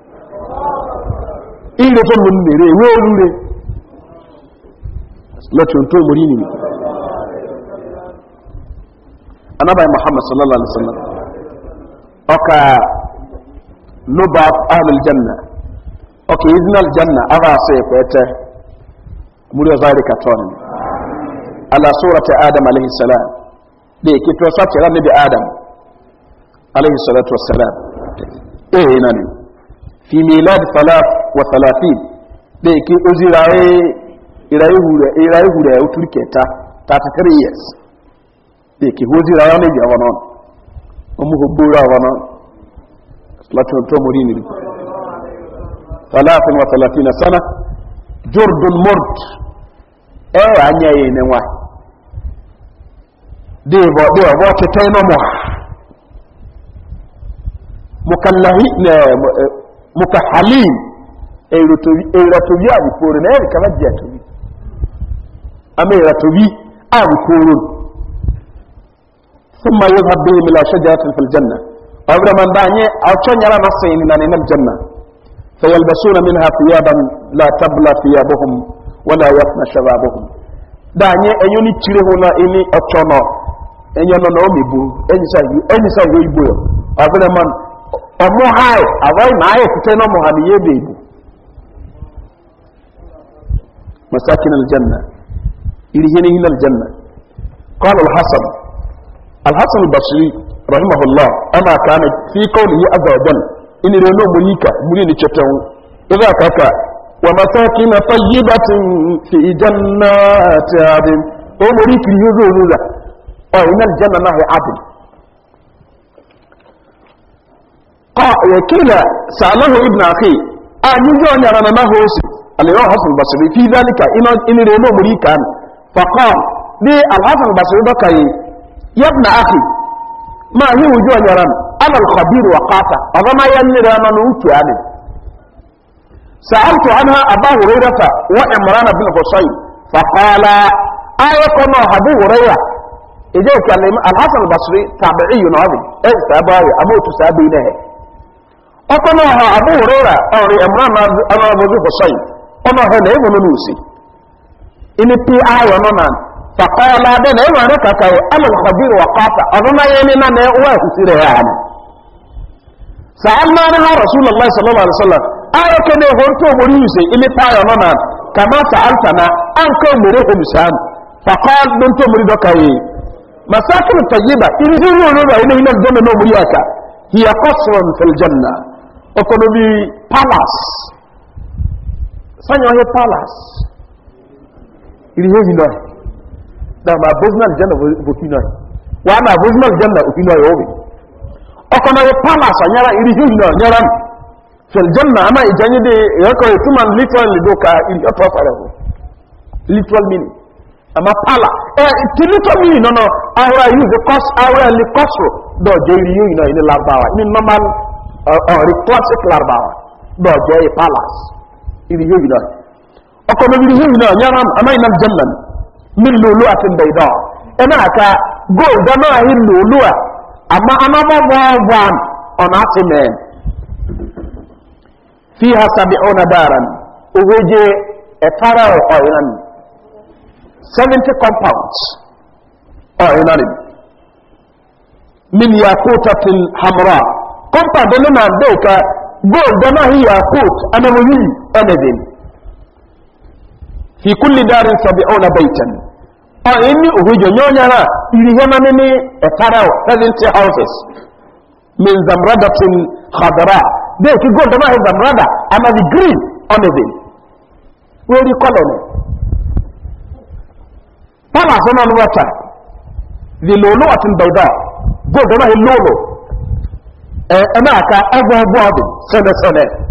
ile tó mún nèrè ewé olúre lọ́tíun tó mú rí nìmi anábàá muhammad sallallahu alaihi wasallam ọka nuba ahlul janna ọka izina aljanna aba asa ya kwete muri ozari ton ala surati adam alaihi salam de ke to sa ran nabi adam alaihi salatu wassalam eh nani في ميلاد ثلاث wa salatin de ki oziraye irae hure irae hure uturiketa kare yes de ki oziraye ne jawano omu hobura eh, wana salatu to murini salatin wa salatina sana jurdun murd e anyaye ne wa de bo de bo teteno mo mukallahi mukahalin eratobi abukoro naye bikaba byatobi ama eratobi abukoro thumma yadhhab bihim ila shajaratin fil janna abra man banye awchonyara nasini na nina janna fayalbasuna minha thiyaban la tabla thiyabuhum wala yafna shababuhum danye enyoni chire hona ini ochono enyono no mebu enyisa enyisa yo ibuyo abra man omuhai awai na aye kuteno muhani yebe مساكن الجنة إليهن إلى الجنة قال الحسن الحسن البصري رحمه الله أما كان في قوله عز وجل إن رنو مليكا ملين تشتهو إذا كفى ومساكن طيبة في جنات عدن ومريك يزول ذا وإن الجنة ما هي عدن قال وكلا سأله ابن أخي أن يجون ما هو سي الإمام حسن البصري في ذلك إن إن رينو مريكا فقال لي الحسن البصري بكي إيه؟ يا ابن أخي ما هي وجوه يرام أنا الخبير وقاطع هذا ما يعني أنا نوتي عليه سألت عنها أبا هريرة وإمران بن حسين فقال آيكم أبو هريرة إذا كان الحسن البصري تابعي عظيم إيه تابعي أبو تسابينه أقنعها أبو هريرة أو إمران بن أبو حسين ọmọ ọhẹ náà ebùnú n'ùsì ẹni tí ayọ̀ nọ nà fàkọ́ọ́lá adé náà ẹwà rẹ kàkà yìí alùpàbíru wà kọ́ọ̀tà ọdún náà yẹn ní nà náà wọ́n ẹ̀kúsí rẹ̀ yà ni. sàánà ni hàn rasul allah sallallahu alaihi wa sallam ayọ̀ kẹ́ni ehun tó wọ́n yùsì ẹni tí ayọ̀ nọ nà kàmá sàáltà nà ànkà òmìnira ẹ̀hùn sàn fàkọ́ọ́lá tó wọ́n dọ́kà yìí masakin tayyiba in ji ruwan ruwa ina hinar janna na muriyata hiya qasrun fil janna okonobi palace sanya ọhịa palas iri ihe yi na ma bozman jana voki wa na bozman jana oki nọị obi ọkọ na palace palas anyara iri ihe yi nọị nyara m fil janna ama ijanye de yọkọ etuman literally do ka iri ọtọ fara hụ literal meaning ama pala ẹ eh, ti literal meaning nọ nọ ahụra yi the cost ahụra li kọsụ dọ jẹ iri ihe yi ni larbawa ni normal ọrị uh, uh, classic larbawa dọ jẹ palas. إذ يجدر أقوم به هنا يرام أمين الجنة من لؤلؤة بيضاء أنا أكا قول دماء اللؤلؤة أما أنا مضاضان أنا أتمن فيها سبعون دارا ووجه أترى أوينان 70 compounds أوينان من ياقوتة الحمراء كم compound لنا دوكا قول جماعة ياقوت أنا مجيب أنذ في كل دار سبعون بيتا أو إني أهجو نيونا لا إليهما مني أتراو seventy houses من زمردة خضراء دي كي قول دماغي زمردة أما ذي green أنذ ويري colony فلا زمان وطا ذي لولوة بيضاء قول دماغي لولو أماكا أبو أبو أبو سنة سنة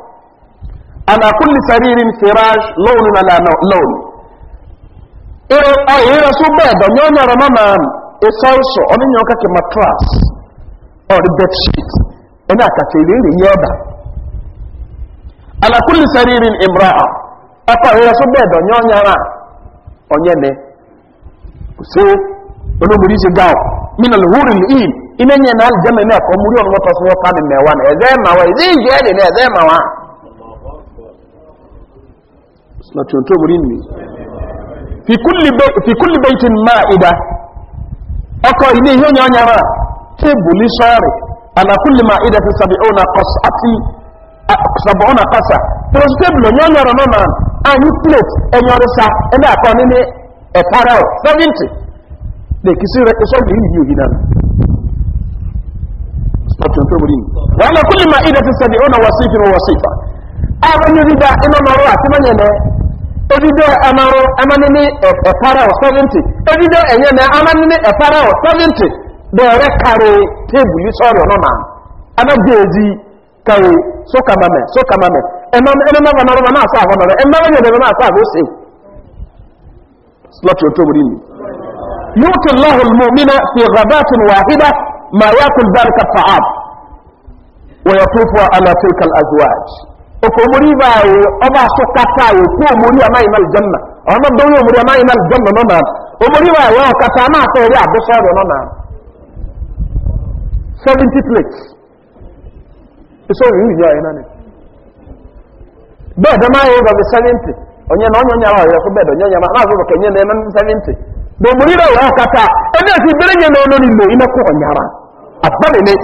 ala كل saririn فراش لون على لون ero ọyẹ ero so bẹẹdọ ní ọnyà rẹ mọmọ àmì ẹsọ matras or bed sheet ẹni àkàtà èrè èrè yẹ ọdà alakuli sariri imraa ẹkọ ọyẹ so bẹẹdọ ní ọnyà rẹ onye ni ṣe olómìnirí ṣe gáwọ mina lóhùrì lìhìn iná yẹn náà alìjẹmẹ ní ẹkọ múrí ọdún wọn tọ na tuntun muri mi fi kulli baitin ma'ida ọkọ̀ ilé ihe onye ọnyara tebụl sọ́ọ̀rì Ana kulli ma'ida fi sabi'una qas'ati sabi'una qasa pero su tebụl onye ọnyara nọ na anyị plate enyorisa ebe akọ nini ẹ̀kára ọ̀ 70 lè kìí sí ìsọ́gbìn ìlú yìí náà ọ̀tún tó wùrí wọ́n lọ kúlì máa ìdẹ̀ ti sẹ́dì ó na wọ́sífì wọ́sífà àwọn yóò rí dá iná mọ́rọ́ àti mọ́nyẹ̀lẹ́ odido amaro amanini ẹfara ọ seventy odido ẹnyẹmẹ amanini ẹfara ọ seventy dọọrẹ kari tebulu sọọri ọ̀nọ náà anagbèézi kari sokamamẹ sokamamẹ ẹnumẹbà náà ọba náà sọ àwọn ọ̀rẹ́ ẹnumẹbà yẹn ọba náà sọ àwọn ọ̀sẹ̀ slọtì ọtọ wòlíì mi. yóòtú lọ́hùn fi rabatin wàhídà màá yàkùn dárìkà fàáb ma yà tó fún aláfíìkà okomori bawo ọba so kata awo kú omori ọmọ yìí janna jẹun náà ọmọ dọ́wọ́ omori ọmọ yìí máa jẹun náà náà omori bawo ọkata máa fẹ́ ya àbúṣe ọ̀rọ̀ náà na seventy plates èso òyìn yìí ọ̀yẹ́ náà ni bẹ́ẹ̀ dẹ́mà yóò dọ̀bi seventy ọ̀nyẹ́ onye na omori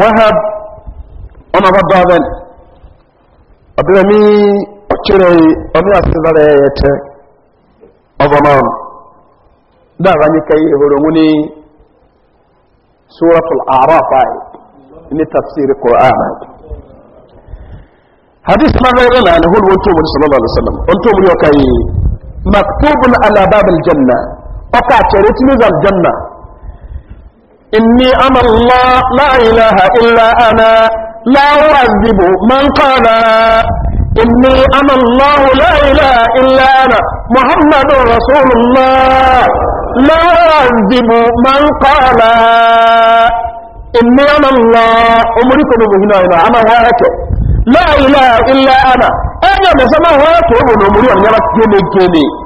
wahab ọmọ bá bá bẹ́ẹ̀ ọdún mi ọ̀kyerẹ́ ọmọ àṣìṣẹ́rẹ́ ẹ̀ tẹ́ ọbọ̀ náà dáàbà ní kẹ́yì ìhòrò mu ní suratul araf ayi ní tafsir qur'an hadis ma bẹ́ẹ̀ bẹ́ẹ̀ náà ni hulu wọn tó mu ní sallallahu alaihi wa sallam wọn tó mu ní ọkà yìí maktubun ala babil janna ọkà àkyẹrẹ tí ní zal janna. إني أنا الله لا إله إلا أنا لا أعذب من قال إني أنا الله لا إله إلا أنا محمد رسول الله لا أعذب من قال إني أنا الله أمركم بهنا هنا أنا هاك لا إله إلا أنا أنا بسمع هاك أمري أن يرى كيني كيني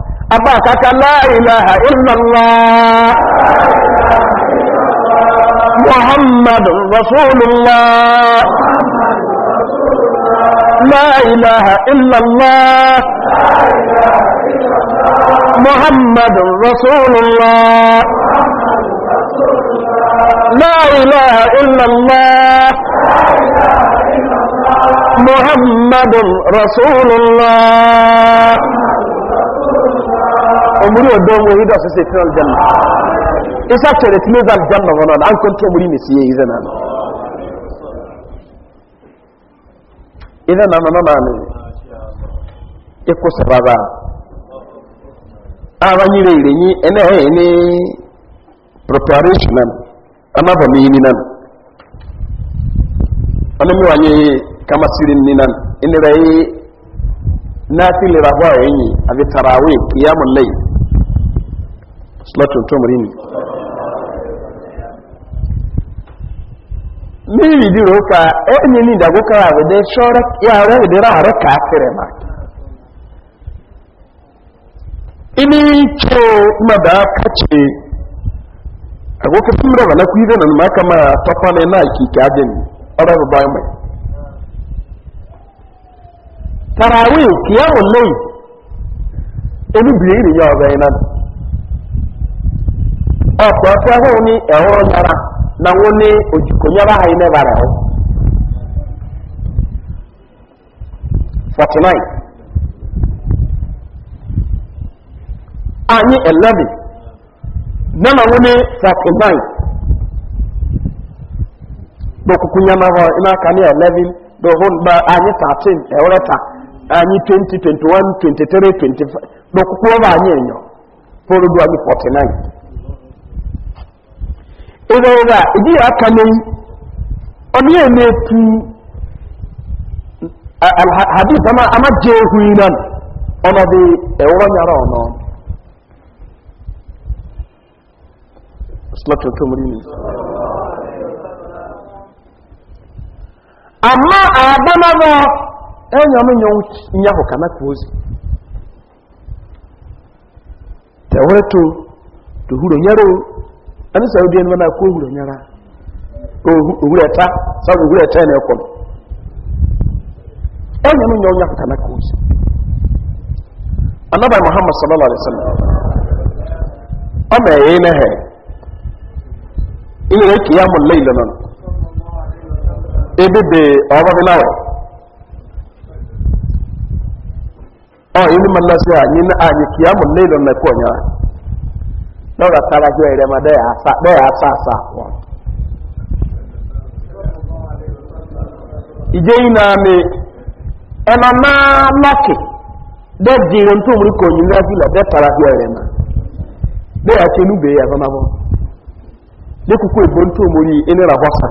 أباكك لا إله إلا الله محمد رسول الله لا إله إلا الله محمد رسول الله لا إله إلا الله محمد رسول الله umuri odo mu hido se se tral janna isa chere timiza janna wono an konto muri mi siye izana idan nan nan nan iko sababa abanyi rere ni ene he ni preparation nan ama ba mi nan ana mi wanye kama sirin ni nan ina rai na tilira ba yayi abi tarawih qiyamul layl látún tó mọ̀rí ni mílì dìrò ka ẹni ní ìdàgbókà àwẹ̀dẹ́ ṣọ́rẹ́ yàrá ìdẹ́rà ka kàákẹrẹ máa ini ce mada ka ce agoka tura ba na kuyi maka ma kama tafa ne na ki gadin araba mai tarawih kiyamul ọ̀pọ̀ ọ̀fẹ́ hù ní ẹ̀họ́ na nwone ní òjìkò ha iná bàrẹ̀ hù. forty nine anyi eleven na nwone forty nine nyama ha ina eleven anyi thirteen anyi twenty twenty one twenty three twenty five dokuku anyi ebe ọba ìdí aka n'eyi na-etu hadith ama je jẹ ehu yi bi ẹwúrọ nyara ọnà slọtọ tó mú rí ama àdánáwọ ẹnyàm e ozi kàná kúózi tẹwúrẹ ani saudi ni mana ko huro nyara ohuro ta sa ohuro ta na ko onye mu nyonya ka na ko si anaba muhammad sallallahu alaihi wasallam o me yi na he ile ki ya mun layla non ebebe o ba bi lawo o ile man la se anyi na anyi ki ya mun layla na ko nyara lọ́rọ̀ àtàràjọ ìrẹmọ bẹ́ẹ̀ àṣàṣà wọn. ìjẹ́ iná mi ẹmọ máa lọ́kì dẹ́jì na tó mú kò ní lọ́fílẹ̀ bẹ́ẹ̀ tàràjọ ìrẹmọ bẹ́ẹ̀ àti inú bèèrè àbámabọ́ lẹ́kùkú ìbọn tó mú rí ịnụ họ́sà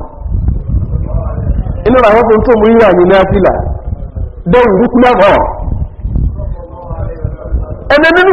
nínú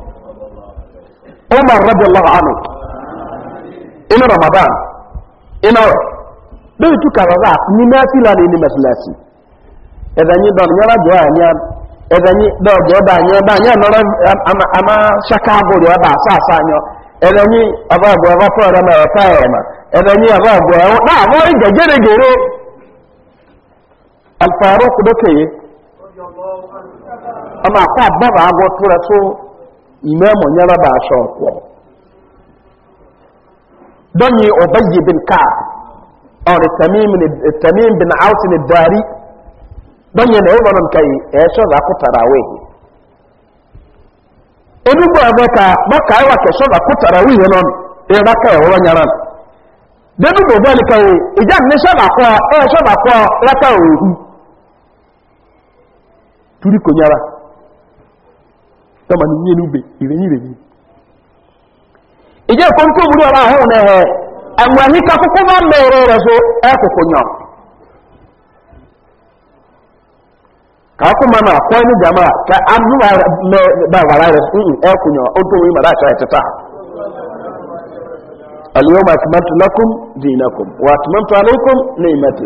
umar radiyallahu anhu ina ramadan ina dai tuka ba ni na fila ni masalasi edanyi don nyara jo anya edanyi do jo ba anya ba anya no ama ama shaka gori ba sa sa anyo edanyi aba go na ta ema edanyi aba na tura imamu nyara ba aṣọ ọ̀pọ̀ dọ́nyi ọ̀bẹ́yì bin káà ọ̀rẹ́ tamim bin autin dari dọ́nyi na ẹ̀rọ nọ nkai ẹ̀ṣọ́ zakú tarawih onugbo ẹ̀bẹ́ ka bọ́kà ẹwà kẹṣọ́ zakú tarawih yẹn nọ́n ẹ̀rọ ká ẹ̀rọ nyara dẹ́nu bò tọ́mà ní yínú bè ìrìnyìrìnyì ìjẹ́ ìkọ́ tó múrí ọ̀rọ̀ ahọ́ nẹ́hẹ́ ẹ̀wọ̀n níka kúkú máa mẹ́rẹ̀ rẹ̀ so ẹ́kùkù e yàn kàákùnmá náà kọ́ ka amúwà mm, mm, e rẹ̀ fún ẹ́kù yàn ó tó wí màdá àṣà ìtẹ́ta اليوم أكملت لكم دينكم وأتممت عليكم نعمتي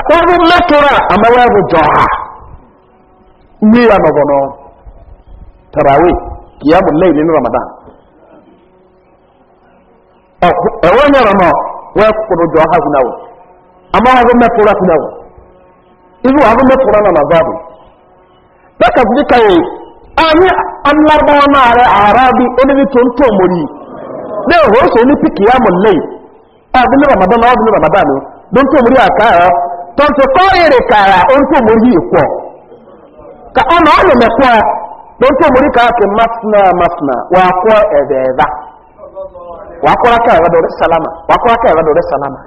akwaghị mmetụrụ a amawa bụ jọha uwe ya nọbọ nọ tarawe leili ramadan Ewe nọ wee kwụrụ jọha kwunawo amawa bụ mmetụrụ kwunawo ahụ mmetụrụ nọ na babu dọka ndị ka yi e, anyị anlabọ naarị arabi onye tó ntọ mori ne leili a dị ni ramadan ọ dị ramadan o don tonto kɔɔyere kaara onto mori ka ọ na mɛ na tonto mori kaara masina masina waa kɔ ɛdɛɛba waa kɔra ka ɛwɛ dɔre salama waa ka salama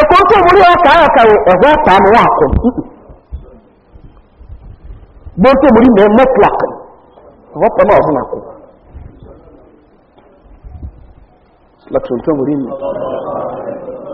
ekonto mori yɛ kaara ka wo ɛwɛ taa mo waa na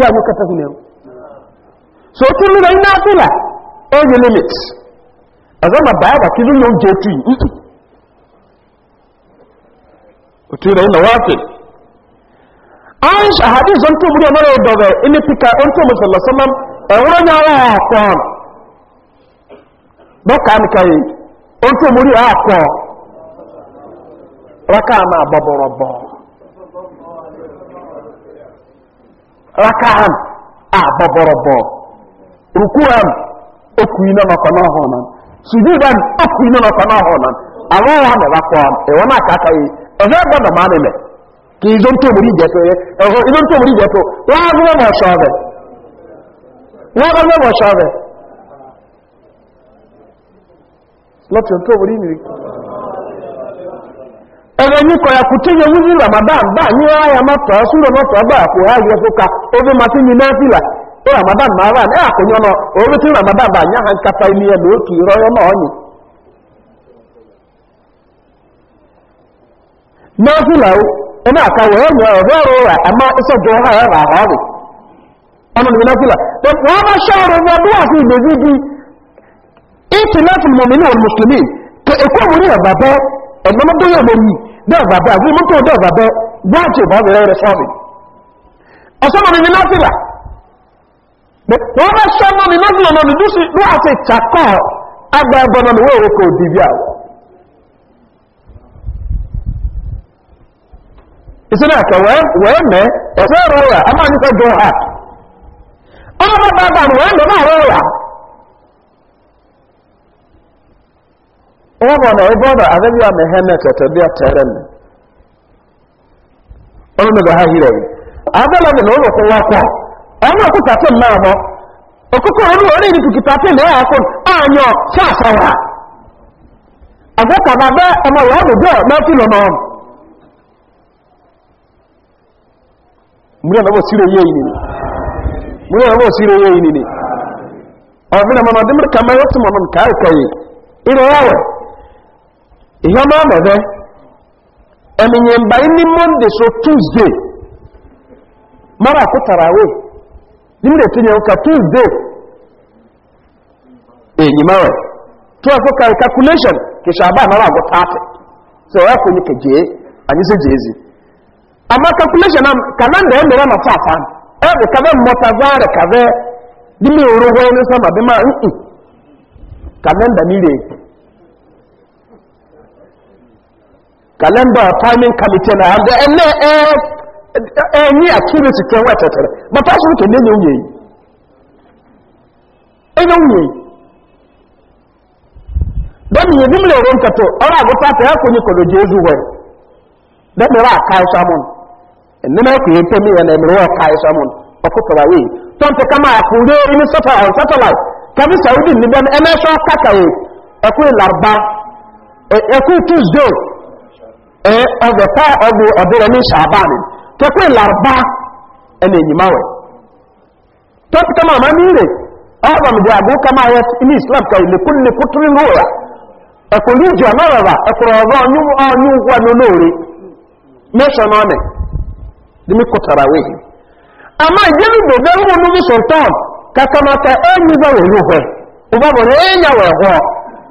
yà wọ́n kẹta fún mi so o tún lọ iná fúnra ó yẹ limit ọ̀zọ́ mà báyà bà kí ló ló ń otu tu yìí o tún lọ hadith ọ̀n tó múlò ọmọdé ọ̀dọ̀bẹ̀ ẹni pika ọ̀n tó múlò sọ̀lọ̀ sọ́mọ́ ẹ̀wọ́n rakahan a ah, bɔbɔrɔbɔ rukuhan okui na nɔkɔ na ɔhɔn nan sujudan okui na nɔkɔ na ɔhɔn nan alo wa na ba kɔn ɛwɔ na kaka yi ɛhɛ bɔ na maa mi mɛ kì í zɔn tó mori jɛ tó yɛ ɛhɔ ìzɔn tó mori ẹ̀rọ ní ya kù tí yẹn wúzí ramadan bá ní ráyà mọ́tọ̀ ṣúrọ̀ mọ́tọ̀ bá kò ya. yẹ fúka orí ma ti ní náfìlà ó ramadan máa rà ní àkóyọ náà orí tí ramadan bá na kata ilé ẹ̀ lókè rọ́yọ́ náà ni. náfìlà ó ọrụ àkàwọ̀ ẹ̀ ọ̀rọ̀ rà àmọ́ rà rà rè ọmọ ní wọ́n bá ṣọ́ọ̀rọ̀ ní ọdún àti ìtìlẹ́fù mọ̀mí ẹ̀ bàbá dọ́ọ̀bà bẹ́ẹ̀ àbí mọ́tò dọ́ọ̀bà bẹ́ẹ̀ wájú bá bẹ̀rẹ̀ rẹ̀ sọ́ọ̀bì ọ̀sọ́mọ̀ ni náfìlà wọ́n bá sọ́mọ̀ ni náfìlà náà nìdú sí ní rọra a máa nípa jọ ọmọ bá bá bá wẹ́ẹ́ lọ rọra ọgbọ na ịbọdọ agaghị ama ihe metọtọ bịa tere m ọrụ mebe ha hire na ụlọ kwụwa akwa ọnụ ọkụkọ atọ mma ahụ ọkụkọ ọrụ ọrụ iri na ya akụ anyọ chaasa ya ka na abịa ọmọ ya ọrụ bịa n'otu nọ n'ọrụ mmiri ọlọbọ siri onye inini mmiri ọlọbọ siri onye inini ọbịna mana ka mma ya otu mmanụ nke arịkọghị ire ya wee ihe ọma mebe eminye mba imi monde so tuesday mara akụtara awe dị mre tinye ka tuesday enyi mawe tụ afọ kari calculation ke shaba mara agwọ so ya kwenye ka anyị si jee ezi ama calculation na kalenda ya mere na tata ebe kabe mmụta zare kabe dị mmiri orogwe ma dị kalenda n'ire kalenda memba committee na aga ene enyi e, e, activity ke wa tetere but asu ke ne nyunye yi ene nyunye yi dan ye dimle ron ka to go ta ta ko ni ko ra na ku yete mi ene mi wa ko ton to kama ku de ni sata on satellite ka bi saudi ni e ee ọgọta ọgụ ọdịrị ní shaban kekwe larba ẹna enyimawe tọpụta ma ma mire ọgọ dị agụ kama ya islam ka ilekwu nlekwu tụrụ iji ọgọ ọnyụ ọnyụ ọnị dịmị kụtara ama kakamata enyi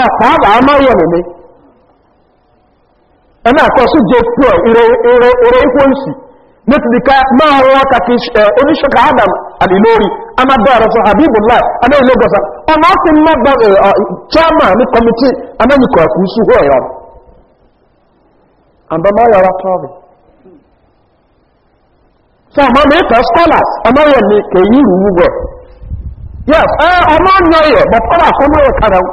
ẹ̀ka àbà amáyé mímí ẹ̀nà àkọsí jẹ́ pọ̀ eré ikú ìsì nítorí ká máa wọ́n kàkí oníṣọ́kà adam àdìlórí amábẹ́rẹ̀ fún habibullah adéyìnlógọ́sà ọmọ ti mọ́gbà chairman ní kọmití anáyìkọ̀ ẹ̀kú sí hó ẹ̀yọ́ àbámáyọ̀wá tọ́ọ̀bì sọ àmọ́ mi kọ́ scholars amáyọ̀ mi kèyí rú wúgọ̀ yes ọmọ ọ̀nà yẹ̀ bọ̀tọ́lá kọ́mọ́ yẹ̀ kàrẹ́wọ̀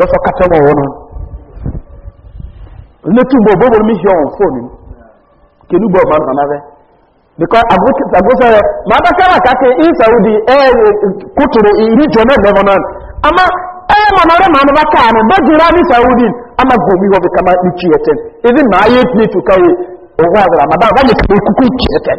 lọ́sọ̀ kátẹ́ wọn wọn létúbọ̀ bóbọ̀ mi ṣe ọ̀hún fóònù kìlúbọ̀ máa ń tàn náà fẹ́ because àgbóṣe rẹ̀ máa bá kẹ́wà káàkiri ní saudi ẹ̀rọ kútùrù ìrìnjọ náà lẹ́wọ̀n náà àmọ́ ẹ̀rọ màmá rẹ̀ máa bá káàánù bẹ́ẹ̀ jìnnà ní saudi àmọ́ gòmí wọ́n fi kàmá ní kí ẹ̀tẹ̀ ìdí máa yé ní ìtùkọ́ yìí òun àgbàrá màdá wọ́n lè fi kúkú kí ẹ̀tẹ̀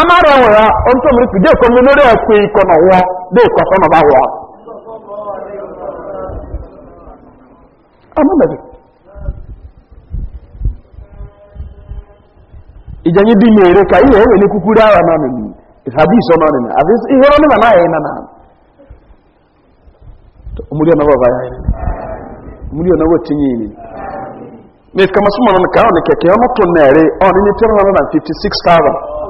amara nwere ọtụtụ mmiri tụ deko mmiri lórí ẹ̀kọ́ ikọ̀ nà wọ́ deko ọ̀sán nà bá ka ihe ẹ̀rẹ̀ ní kúkúrú ara náà nìyí ìsàbí ìsọ́nà nìyí àbí ihe ọ̀nà na náà Na nà náà. omuli ọ̀nà bọ̀ báyà tinye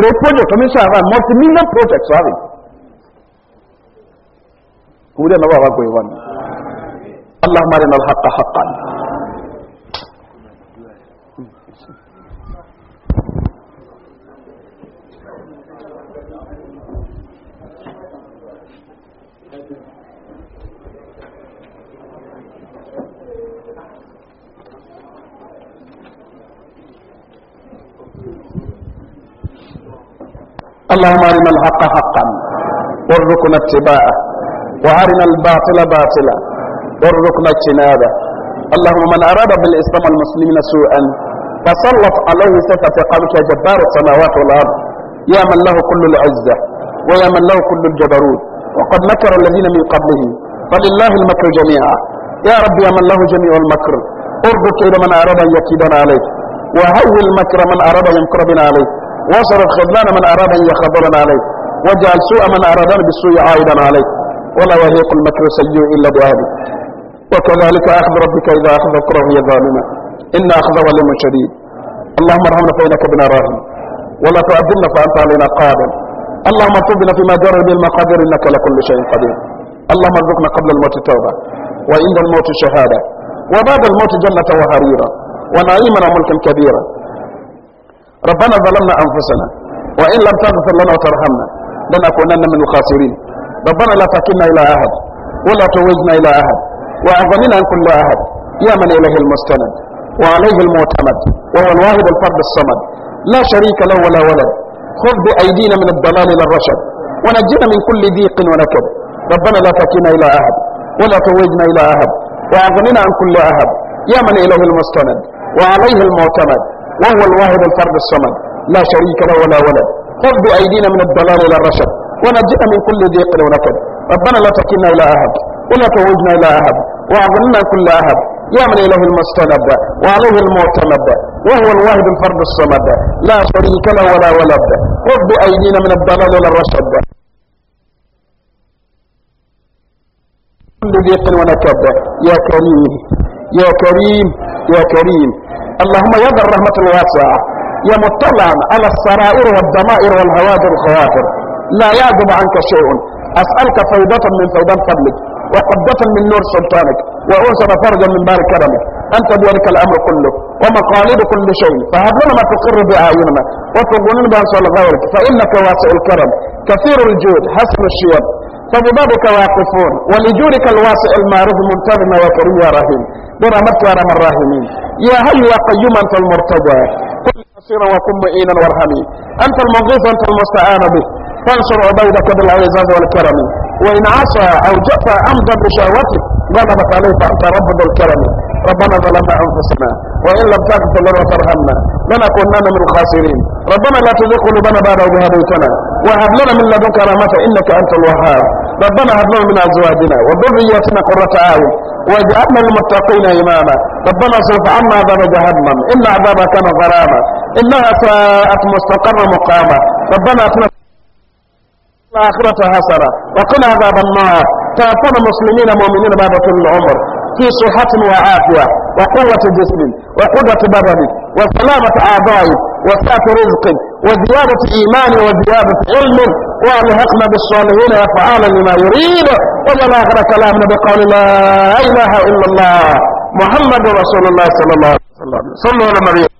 èrò project ọmọ iṣẹ́ multi million project sáré kúrò náà wà wá gbé wọn. اللهم ارنا الحق حقا اللهم ارنا الحق حقا وارزقنا اتباعه وارنا الباطل باطلا وارزقنا اجتنابه اللهم من اراد بالاسلام والمسلمين سوءا فسلط عليه سيف قلبك جبار السماوات والارض يا من له كل العزه ويا من له كل الجبروت وقد مكر الذين من قبله فلله المكر جميعا يا رب يا من له جميع المكر اربط الى من اراد ان يكيدنا عليك وهول مكر من اراد ان يمكر بنا عليك واصرف خذلان من أراد أن يخذلنا عليه واجعل سوء من أرادنا بالسوء عائدا عليه ولا يليق المكر السيء إلا بأهله وكذلك أخذ ربك إذا أخذ القرى هي ظالمة إن أخذ ولم شديد اللهم ارحمنا فإنك بنا راهب ولا تعذلنا فأنت علينا قادر اللهم ارزقنا فيما جرى من المقادير إنك لكل شيء قدير اللهم ارزقنا قبل الموت توبة وعند الموت شهادة وبعد الموت جنة وهريرا ونعيما وملكا كبيرا ربنا ظلمنا أنفسنا وإن لم تغفر لنا وترحمنا لنكونن من الخاسرين ربنا لا تكلنا إلى أحد ولا توجنا إلى أحد وأعظمنا عن كل أحد يا من إليه المستند وعليه المعتمد وهو الواحد الفرد الصمد لا شريك له ولا ولد خذ بأيدينا من الضلال إلى الرشد ونجنا من كل ضيق ونكد ربنا لا تكلنا إلى أحد ولا توجنا إلى أحد وأعظمنا عن كل أحد يا من إليه المستند وعليه المعتمد وهو الواحد الفرد الصمد لا شريك له ولا ولد خذ بأيدينا من الضلال إلى الرشد ونجئنا من كل ضيق ونكد ربنا لا تكلنا إلى أحد ولا توجنا إلى أحد وأعظمنا كل أحد يا من إله المستند وعليه المعتمد وهو الواحد الفرد الصمد لا شريك له ولا ولد خذ بأيدينا من الضلال إلى الرشد كل ضيق ونكد يا كريم يا كريم يا كريم اللهم يظهر الرحمة الواسعة يا مطلعا على السرائر والضمائر والهوادر الخواطر لا يعجب عنك شيء أسألك فوضة من فوضان فضلك وقبضة من نور سلطانك وأوسر فرجا من بار كرمك أنت بيدك الأمر كله ومقاليد كل شيء فهب لنا ما تقر بأعيننا وتغنن بأنصار غيرك فإنك واسع الكرم كثير الجود حسن الشيب فببابك واقفون ولجودك الواسع المعرض منتظم وكريم يا رحيم برمت ارحم الراحمين يا هل يا قيوم انت المرتضى كن نصيرا وكن معينا وارحمي انت المغيث انت المستعان به فانصر عبيدك بالعزاز والكرم وان عصى او جفى أمضى بشهوته غلبت عليه فانت رب الكرم ربنا ظلمنا انفسنا وان لم تغفر لنا وترحمنا لنا من الخاسرين ربنا لا تزغ قلوبنا بعد اذ هديتنا وهب لنا من لدنك رحمه انك انت الوهاب ربنا هب لنا من ازواجنا وذرياتنا قرة اعين واجعلنا للمتقين إماما ربنا صرف عنا عذاب جهنم إن عذابها كان غراما إنها ساءت مستقرا مقاما ربنا أتنا الآخرة حسنة وقنا عذاب النار توفنا مسلمين مؤمنين بعد كل عمر في صحة وعافية وقوة جسم وقدرة بدن وسلامة أعضاء وسعة رزق وزيادة إيمان وزيادة علم وأن يحقن بالصالحين وفعالا لما يريد ومن آخر كلامنا بقول لا إله إلا الله محمد رسول الله صلى الله عليه وسلم صلوا على مريم